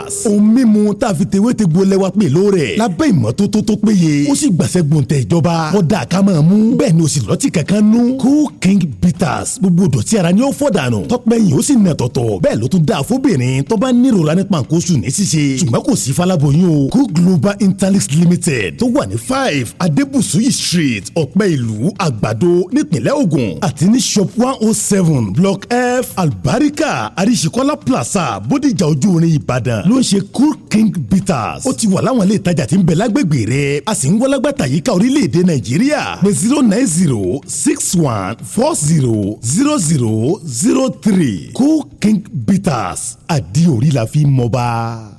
Plus. ohun mímu tá a fi tewé te gbo lẹ́wà pè lóore. lábẹ́ ìmọ́tótó tó péye. ó sì gbàsẹ́ gbòǹtẹ̀ ìjọba. ọ̀dà ká máa mú. bẹ́ẹ̀ ni o sì lọ́tì kankan nú. cool king bitters gbogbo dọ̀tí ara ni ó fọ̀ dànù. tọpẹ́ ó sì nà tọ̀tọ̀. bẹ́ẹ̀ ló tún dáa fóbìnrin tó bá nírora nípa nǹkan oṣù ní ṣíṣe. ṣùgbọ́n kò sí falaboyún o. cool global interlix limited tó wà ní five adébùsúyì street ọ̀pẹ́ ìlú àgbàdo nípìnlẹ̀ Ògùn àti ní shop one oh seven block f albarika àríṣekọ́lá plaza bódìjà ojú orin ìbàdàn ló ló ń ṣe cool king bitters ó ti wà láwọn ilé ìtajà tí ń bẹ lágbègbè rẹ a sì ń wọ́lágbàtà yíká orílẹ̀-èdè nàìjíríà pé zero nine zero six one four zero zero zero zero three cool king bitters àdí orí la fi mọba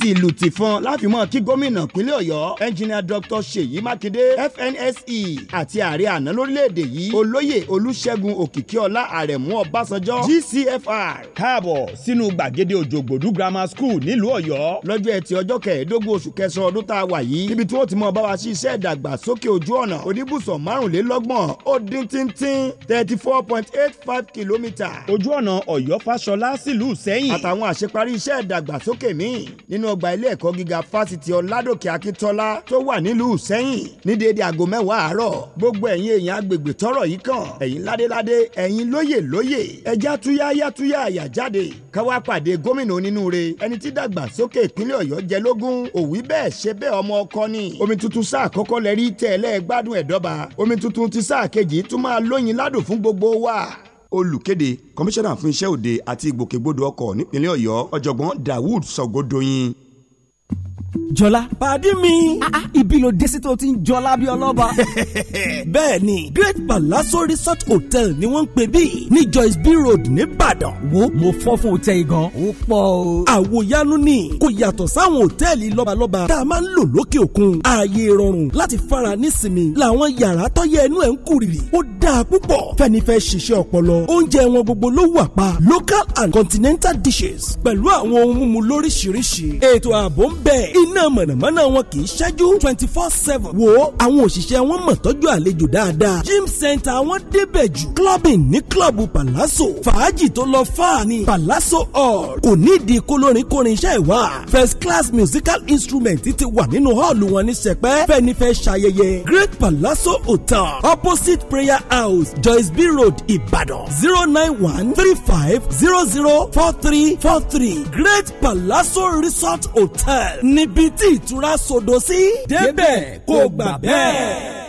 ti ìlú tìfọn láfimọ́ kí gómìnà pínlẹ̀ ọ̀yọ́ ẹnjìnìà dr ṣèyí mákindé fnse àti ààrẹ àná lórílẹ̀‐èdè yìí olóyè olúṣẹ́gun òkìkíọ́lá àrẹ̀mú ọbásanjọ́ gcfr káàbọ̀ sínú gbàgede òjògbòdú grammar school nílùú ọ̀yọ́ lọ́jọ́ ẹtì ọjọ́ kẹẹ̀ẹ́dógún oṣù kẹsàn-án ọdún tá a wà yìí níbi tí wọ́n ti mọ bá wa sí iṣẹ́ ìdàgbàsókè ojú ọ̀nà oníbùsọ̀ márùnlélọ́gbọ̀n ó dín tíntín thirty four point eight five kilometre ojú ọ̀nà ọ̀yọ́ fáṣọlá sílùú sẹ́yìn àtàwọn àṣeparí iṣẹ́ ìdàgbàsókè míì nínú ọgbà ilé ẹ̀kọ́ gíga fásitì ọládòkè akíntọ́lá tó wà nílùú sẹ́yìn ní déédéé aago mẹ́wàá àárọ̀ gbogbo ẹ̀yin èèyàn agbègbè tọ́rọ̀ yìí kàn ẹ̀yin ládéládé ẹ̀yin lóyè lóyè ẹja túyá yátúyá àyà jáde káwá pàdé gómìnà onínúure ẹni tí dàgbàsókè ìpínlẹ̀ ọ̀yọ́ jẹ lógún òwí bẹ́ẹ̀ ṣe bẹ́ẹ̀ ọmọ ọkọ ni omi tuntun sáà kọ́kọ́ lẹ rí tẹ́ ẹ lẹ́ẹ̀gbádùn ẹ̀dọ́ba omi tuntun ti sáà kejì tún máa lóyin ládùn fún gbogbo wa olùkéde kọmíṣánná fún iṣẹ́ òde àti ìgbòkègbodò ọkọ̀ nípínlẹ̀ ọ̀yọ́ ọ̀jọ̀gbọ́n dawood sọ̀gọ́dọ̀yìn jọlá. pàdí mi. Ah, ah, ibi ló dé sí tó ti ń jọlá bí ọlọ́ba. bẹ́ẹ̀ ni great palazzo resort hotel ni wọ́n ń pè bí ní joyce b road nìbàdàn. wo mo fọ́ fún hòtẹ́ẹ̀lì gan. ó pọ̀ o. àwòyánu ni kò yàtọ̀ sáwọn hòtẹ́ẹ̀lì lọ́balọ́ba tá a máa ń lò lókè òkun. ààyè ìrọ̀rùn láti fara nísìmí làwọn yàrá tọ́yẹ ẹnu ẹ̀ ń kúrìrì. ó dáa púpọ̀ fẹ́nifẹ́ ṣiṣẹ́ ọpọlọ. oúnjẹ wọn gbogbo ló wà pa local and continental dishes pẹ̀lú àwọn ohun mímu lóríṣiríṣi. ètò ààbò ń bẹ iná mọ̀nàmọ́ná wọn kì í ṣẹ́jú twenty four seven wo àwọn òṣìṣẹ́ wọn mọ̀ tọ́jú àlejò dáadáa gym center wọn débẹ̀ jù clubbing ní club palazzo fàájì tó lọ fáà palazzo hall kò nídìí kólórin kórin iṣẹ́ ìwà first class musical instrument ti wà nínú hall wọn ní sẹpẹ́ fẹ́ni fẹ́ ṣayẹyẹ great palazzo hotel opposite prayer house joyce b road Ibadan. zero nine one three five zero zero four three four three great palazzo resort hotel ní ibi tí ìtura sòdò sí débẹ̀ kò gbà bẹ́ẹ̀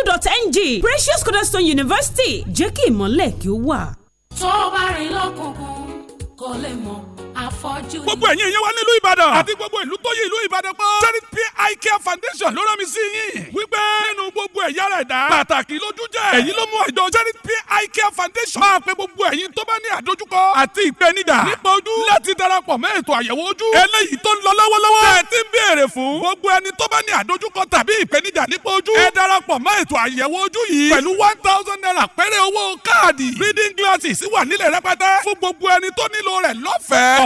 edu.ng Precious Cornerstone University jẹ́ kí ìmọ̀lẹ̀ kí ó wà. tó bá rìn lọ́kùnkùn kò lè mọ̀ àfọ́jú ni. gbogbo ẹ̀yin ìyẹn wá nílùú ìbàdàn àti gbogbo ìlú tó yí ìlú ìbàdàn pọ̀. charity pi care foundation ló rán mi sí yín. wípé nínú gbogbo ẹ̀yà ara ẹ̀dá pàtàkì lójú jẹ́. èyí ló mú àjọ charity pi care foundation. máa pe gbogbo ẹ̀yin tó bá ní àdójúkọ àti ìpènijà nípa ojú láti darapọ̀ mẹ́ ètò àyẹ̀wò ojú. eléyìí tó ń lọ lọ́wọ́lọ́wọ́. ẹ ti ń béèrè fún. gbogbo ẹni tó bá ní àdójúkọ tàbí ìpènijà nípa ojú. ẹ darapọ̀ mẹ́ ètò àyẹ̀wò ojú yìí. pẹ̀lú one thousand naira péré owó káàdì. reading glasses wà nílẹ̀ rẹpẹtẹ. fún gbogbo ẹni tó nílò rẹ̀ lọ́fẹ̀ẹ́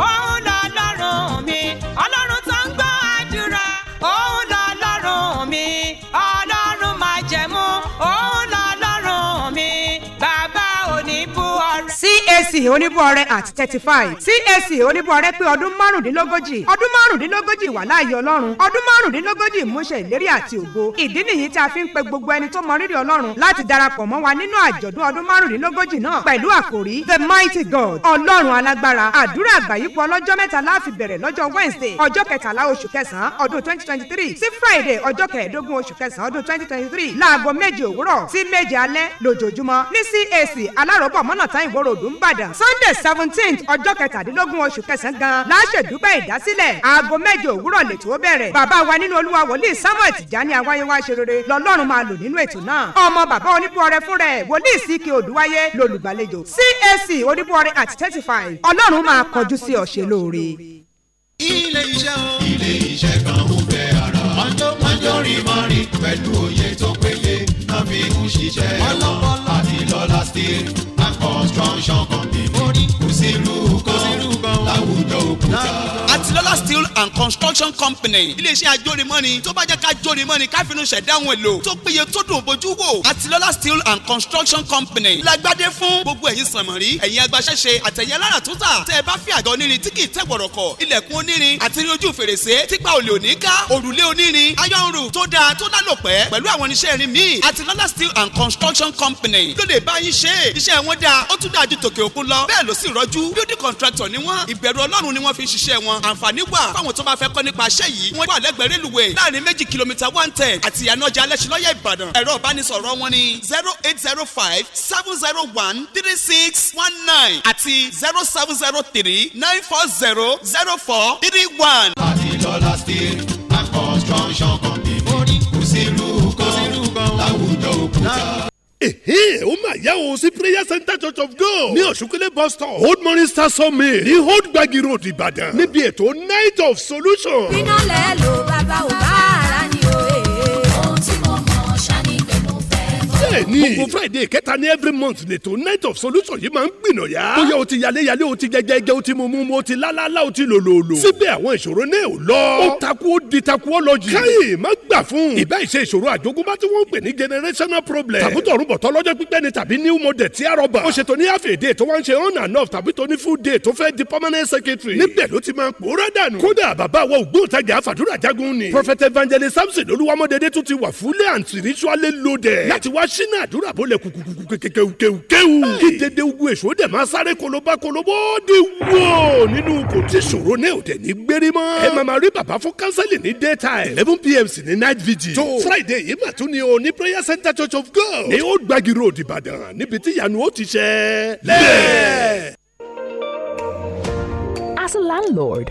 òun lọ lọ́rùn mi ọlọ́run. CAC oníbọ̀ọ̀rẹ́ at thirty five CAC oníbọ̀ọ̀rẹ́ pé ọdún márùndínlógójì ọdún márùndínlógójì wà láàyè ọlọ́run ọdún márùndínlógójì ìmúṣẹ ìlérí àti ògo ìdí nìyí tí a fi ń pe gbogbo ẹni tó mọ rírì ọlọ́run láti darapọ̀ mọ́ wa nínú àjọ̀dún ọdún márùndínlógójì náà pẹ̀lú àkòrí the mighty God ọlọ́run alágbára àdúrà àgbáyípo ọlọ́jọ́ mẹ́ta la bẹ̀rẹ̀ lọ́jọ́ wednesday ọjọ́ kẹtàlá oṣù kẹsàn-án ọdún twenty twenty three sí friday ọjọ́ kẹẹ̀ẹ́dógún oṣù twenty twenty three láago méje òwúrọ̀ sí méje alẹ́ lójoojúmọ́ ní CAC aláròbọ̀ mọ́nà ìbàdàn sunday seventeen ọjọ́ kẹtàdínlógún oṣù kẹsàn-án gan láṣẹ̀dúpẹ́ ìdásílẹ̀ aago mẹ́jọ òwúrọ̀ lètò bẹ̀rẹ̀ bàbá wa nínú olúwa wòlíì samuel tìjání awáyéwá ṣe rere lọ́lọ́run máa lò nínú ètò náà ọmọ bàbá oníbúọrẹ fún rẹ̀ wòlíì síkì odúwáyé lolùgbàlejò cac oníbúọrẹ at thirty five ọlọ́run máa kọjú sí ọ̀ṣẹ́ lóore. ilé iṣẹ́ o ilé iṣẹ́ Adédọ́lá steel and construction company kò sí irú kọ́ láwùjọ steel and construction company iléeṣẹ́ ajórimọ́ni tó bá jẹ́ ká jórimọ́ni káfínú ṣẹ̀dá ohun èlò tó péye tó dùn bójú wò àtilọ́lá steel and construction company lágbádé fún gbogbo ẹ̀yin sànmọ́rí ẹ̀yin agbaṣẹ́ṣe àtẹ̀yẹ lára tó tà tẹ́ ẹ bá fi àga onírin tí kì í tẹ̀ wọ̀rọ̀kọ̀ ilẹ̀kùn onírin àti ojú fèrèsé típa òlè òní ká òrùlé onírin ayọ̀nrù tó dáa tó lálòpẹ́ pẹ̀lú àwọn oníṣẹ́ irin míì àtilọ́lá steel and construction company ló lè bá yín ṣe iṣẹ́ wọn dáa ó tún dáa ju tòkè òkun lọ bẹ́ẹ̀ ló sì rọ́jú ni wọ́n ìbẹ̀rù ọlọ́run ni wọ́n fi ṣiṣẹ́ wọn àǹfààní wà fáwọn tó bá fẹ́ kọ́ nípa iṣẹ́ yìí wọ́n wà lẹ́gbẹ̀ẹ́ rélùwé láàrin méjì kìlómítà one ten àti ìyànàjà alẹ́sìlọ́yẹ ìbàdàn ẹ̀rọ ìbánisọ̀rọ̀ wọn ni zero eight zero five seven zero one three six one nine àti zero seven zero three nine four zero zero four three one. àti lọ́la steel and construction company kò sí irú kan láwùjọ òkúta ehe o ma yá o sí prayer center church of god ní ọ̀ṣunkẹ́lẹ́ bus stop old morning star summit ní old gbagi road ìbàdàn níbi ètò night of solution. iná lẹ́ lo bàbá ò bá ara ni o. Eh. ohun tí mo mọ̀ ṣáà ni pé fẹ́ mọ́ bẹ́ẹ̀ni gbogbo friday kẹta ní every month lètò night of solution yìí máa ń gbìnàyà. bóyá o ti yaléyalé o ti jẹjẹjẹ o ti mumu o ti lálálá o ti lòlòlò. síbẹ̀ àwọn ìṣòro náà ò lọ. ó takú ó di takú ó lọ jù. káyè má gbà fún. ìbá ìṣe ìṣòro àjogúnbá tí wọ́n ń pè ní generational problem. tàbí tọ̀rùnbọ̀tọ̀ lọ́jọ́ pípẹ́ ni tàbí new model tí a rọ̀bà. ó ṣe tó ní half tó wá ń ṣe on and off tàbí tó ní full day tó fẹ́ di permanent secretary. níbẹ̀ ló ti máa ń pòórá dànù. kódà bàbá wa ògbóǹtajà fàdúrà jagun ni. prophet evangelist samson olúwamọ́dédé tún ti wà fúlẹ̀ and spiritually loaded. láti wá ṣ sínú àdúrà bó lẹ kùkùkù kéwkéwkéwù. kí dédé ugu èso dẹ̀ máa sáré koloba kolobo di wó nínú kò tí ṣòro ní òde ní gbérí mọ́. ẹ màmá rí bàbá fún kánsẹ́lì ní daytime eleven pm sí ní night vigil. tó friday yìí mà tún ni o ní prayer center church of god. ní ó gbági road ìbàdàn níbi tí ìyanu ó ti ṣẹ. lẹ́ẹ̀. As a landlord,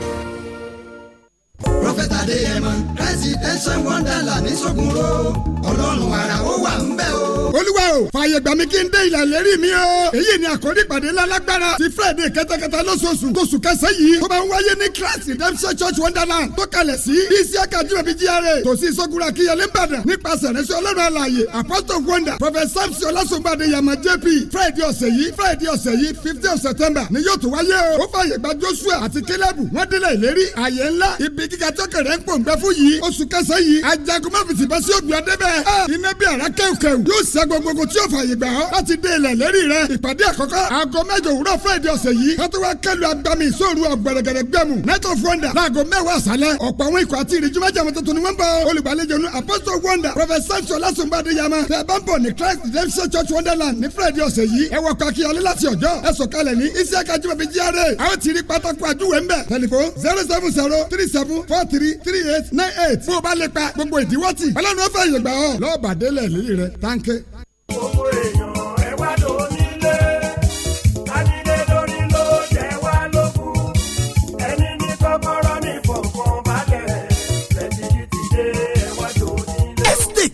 adéyẹmọ presidential wonderland ní sọgùnrò ọlọ́run ara ó wà ń bẹ̀ o. olúwa o fààyè gbà mí kí n dé ilẹ̀ lérí mi o. èyí ni àkọ́rí ìpàdé lálágbára ti friday kẹtẹkẹtẹ lóṣooṣù oṣù kẹsàn-án yìí tó máa ń wáyé ní christ redemption church wonderland tó kalẹ̀ sí bísí akadúrà bíi gra tòsí sọgùnrò akínyẹlé ìbàdàn nípasẹ̀ rẹ́sí ọlọ́run alààyè apostle of wonder prophet samson ọlásùnbàdé yamma jp friday ọ̀sẹ̀ yìí friday ọ̀sẹ̀ yìí fifteen september ni yóò tún wáyé o. ó fààyè gbà joshua àti caleb wọ́n délẹ̀ ìlérí àyè ńlá ibi gíga tó kéré rẹ̀ ń yìí oṣù kẹsàn yìí ajagun má fi tìbá sí ògùn adébẹ̀. iná bí ara kẹ́wkẹ́w yóò ṣe gbogbogbò tí yóò fààyè gbà ọ́ láti dé ilẹ̀ lérí rẹ̀ ìpàdé àkọ́kọ́ aago mẹ́jọ òwúrọ̀ friday ọ̀sẹ̀ yìí kátó wá agbami ìṣòro ọ̀gbẹ̀rẹ̀gẹ̀rẹ̀ gbẹ̀mù night zero seven zero three seven four three three eight nine eight bó o bá lè pa gbogbo ìdíwọ́ tì ọlọ́run ó fẹ́ yẹ̀gbà ọ́ lọ́ọ́ bàdélẹ̀ lílì rẹ̀ táǹkì. owó èèyàn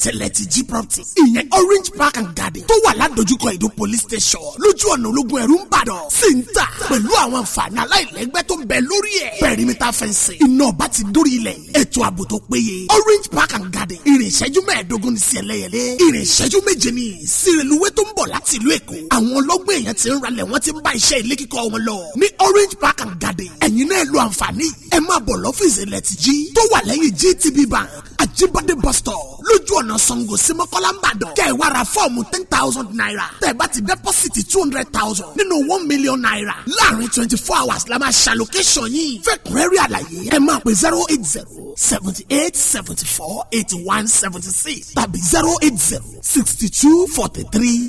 ṣẹlẹ̀ ti jí property. ìyẹn orange park and garden tó wà ládojúkọ ìdó police station lójú ọ̀nà ológun ẹ̀rú ń bàdàn sí ń tà pẹ̀lú àwọn àǹfààní aláìlẹ́gbẹ́ tó ń bẹ lórí ẹ̀. pẹ̀rímítà fẹ́ǹsì iná ọba ti dórí ilẹ̀ ètò ààbò tó péye orange park and garden ìrìn ìṣẹ́jú mẹ́ẹ̀ẹ́dógún ní sí ẹlẹ́yẹlé ìrìn ìṣẹ́jú méje ní sírèlúwé tó ń bọ̀ láti ìlú èkó àwọn ọlọ́gbọ́n èèyàn ti ń ralẹ̀ wọ́n ti ń orange park and garden ẹ̀yin náà lo àǹfààní ẹ máa bọ̀ lọ́fíìsì lẹ́tìjí gtb bank àjíbádé bus stop lójú ọ̀nà Ṣàngó sí Mọ́kọ́lá Ìbàdàn kẹ́ ẹ̀ wá ra fọ́ọ̀mù ten thousand naira tẹ̀ bá ti dẹ́pọ́sìtì two hundred thousand nínú one million naira láàrin twenty four hours la máa ṣàlókẹ́sọ̀n yìí fẹ́kùrẹ́rì àlàyé ẹ máa pè zero eight zero seventy eight seventy four eighty one seventy six tàbí zero eight zero sixty two forty three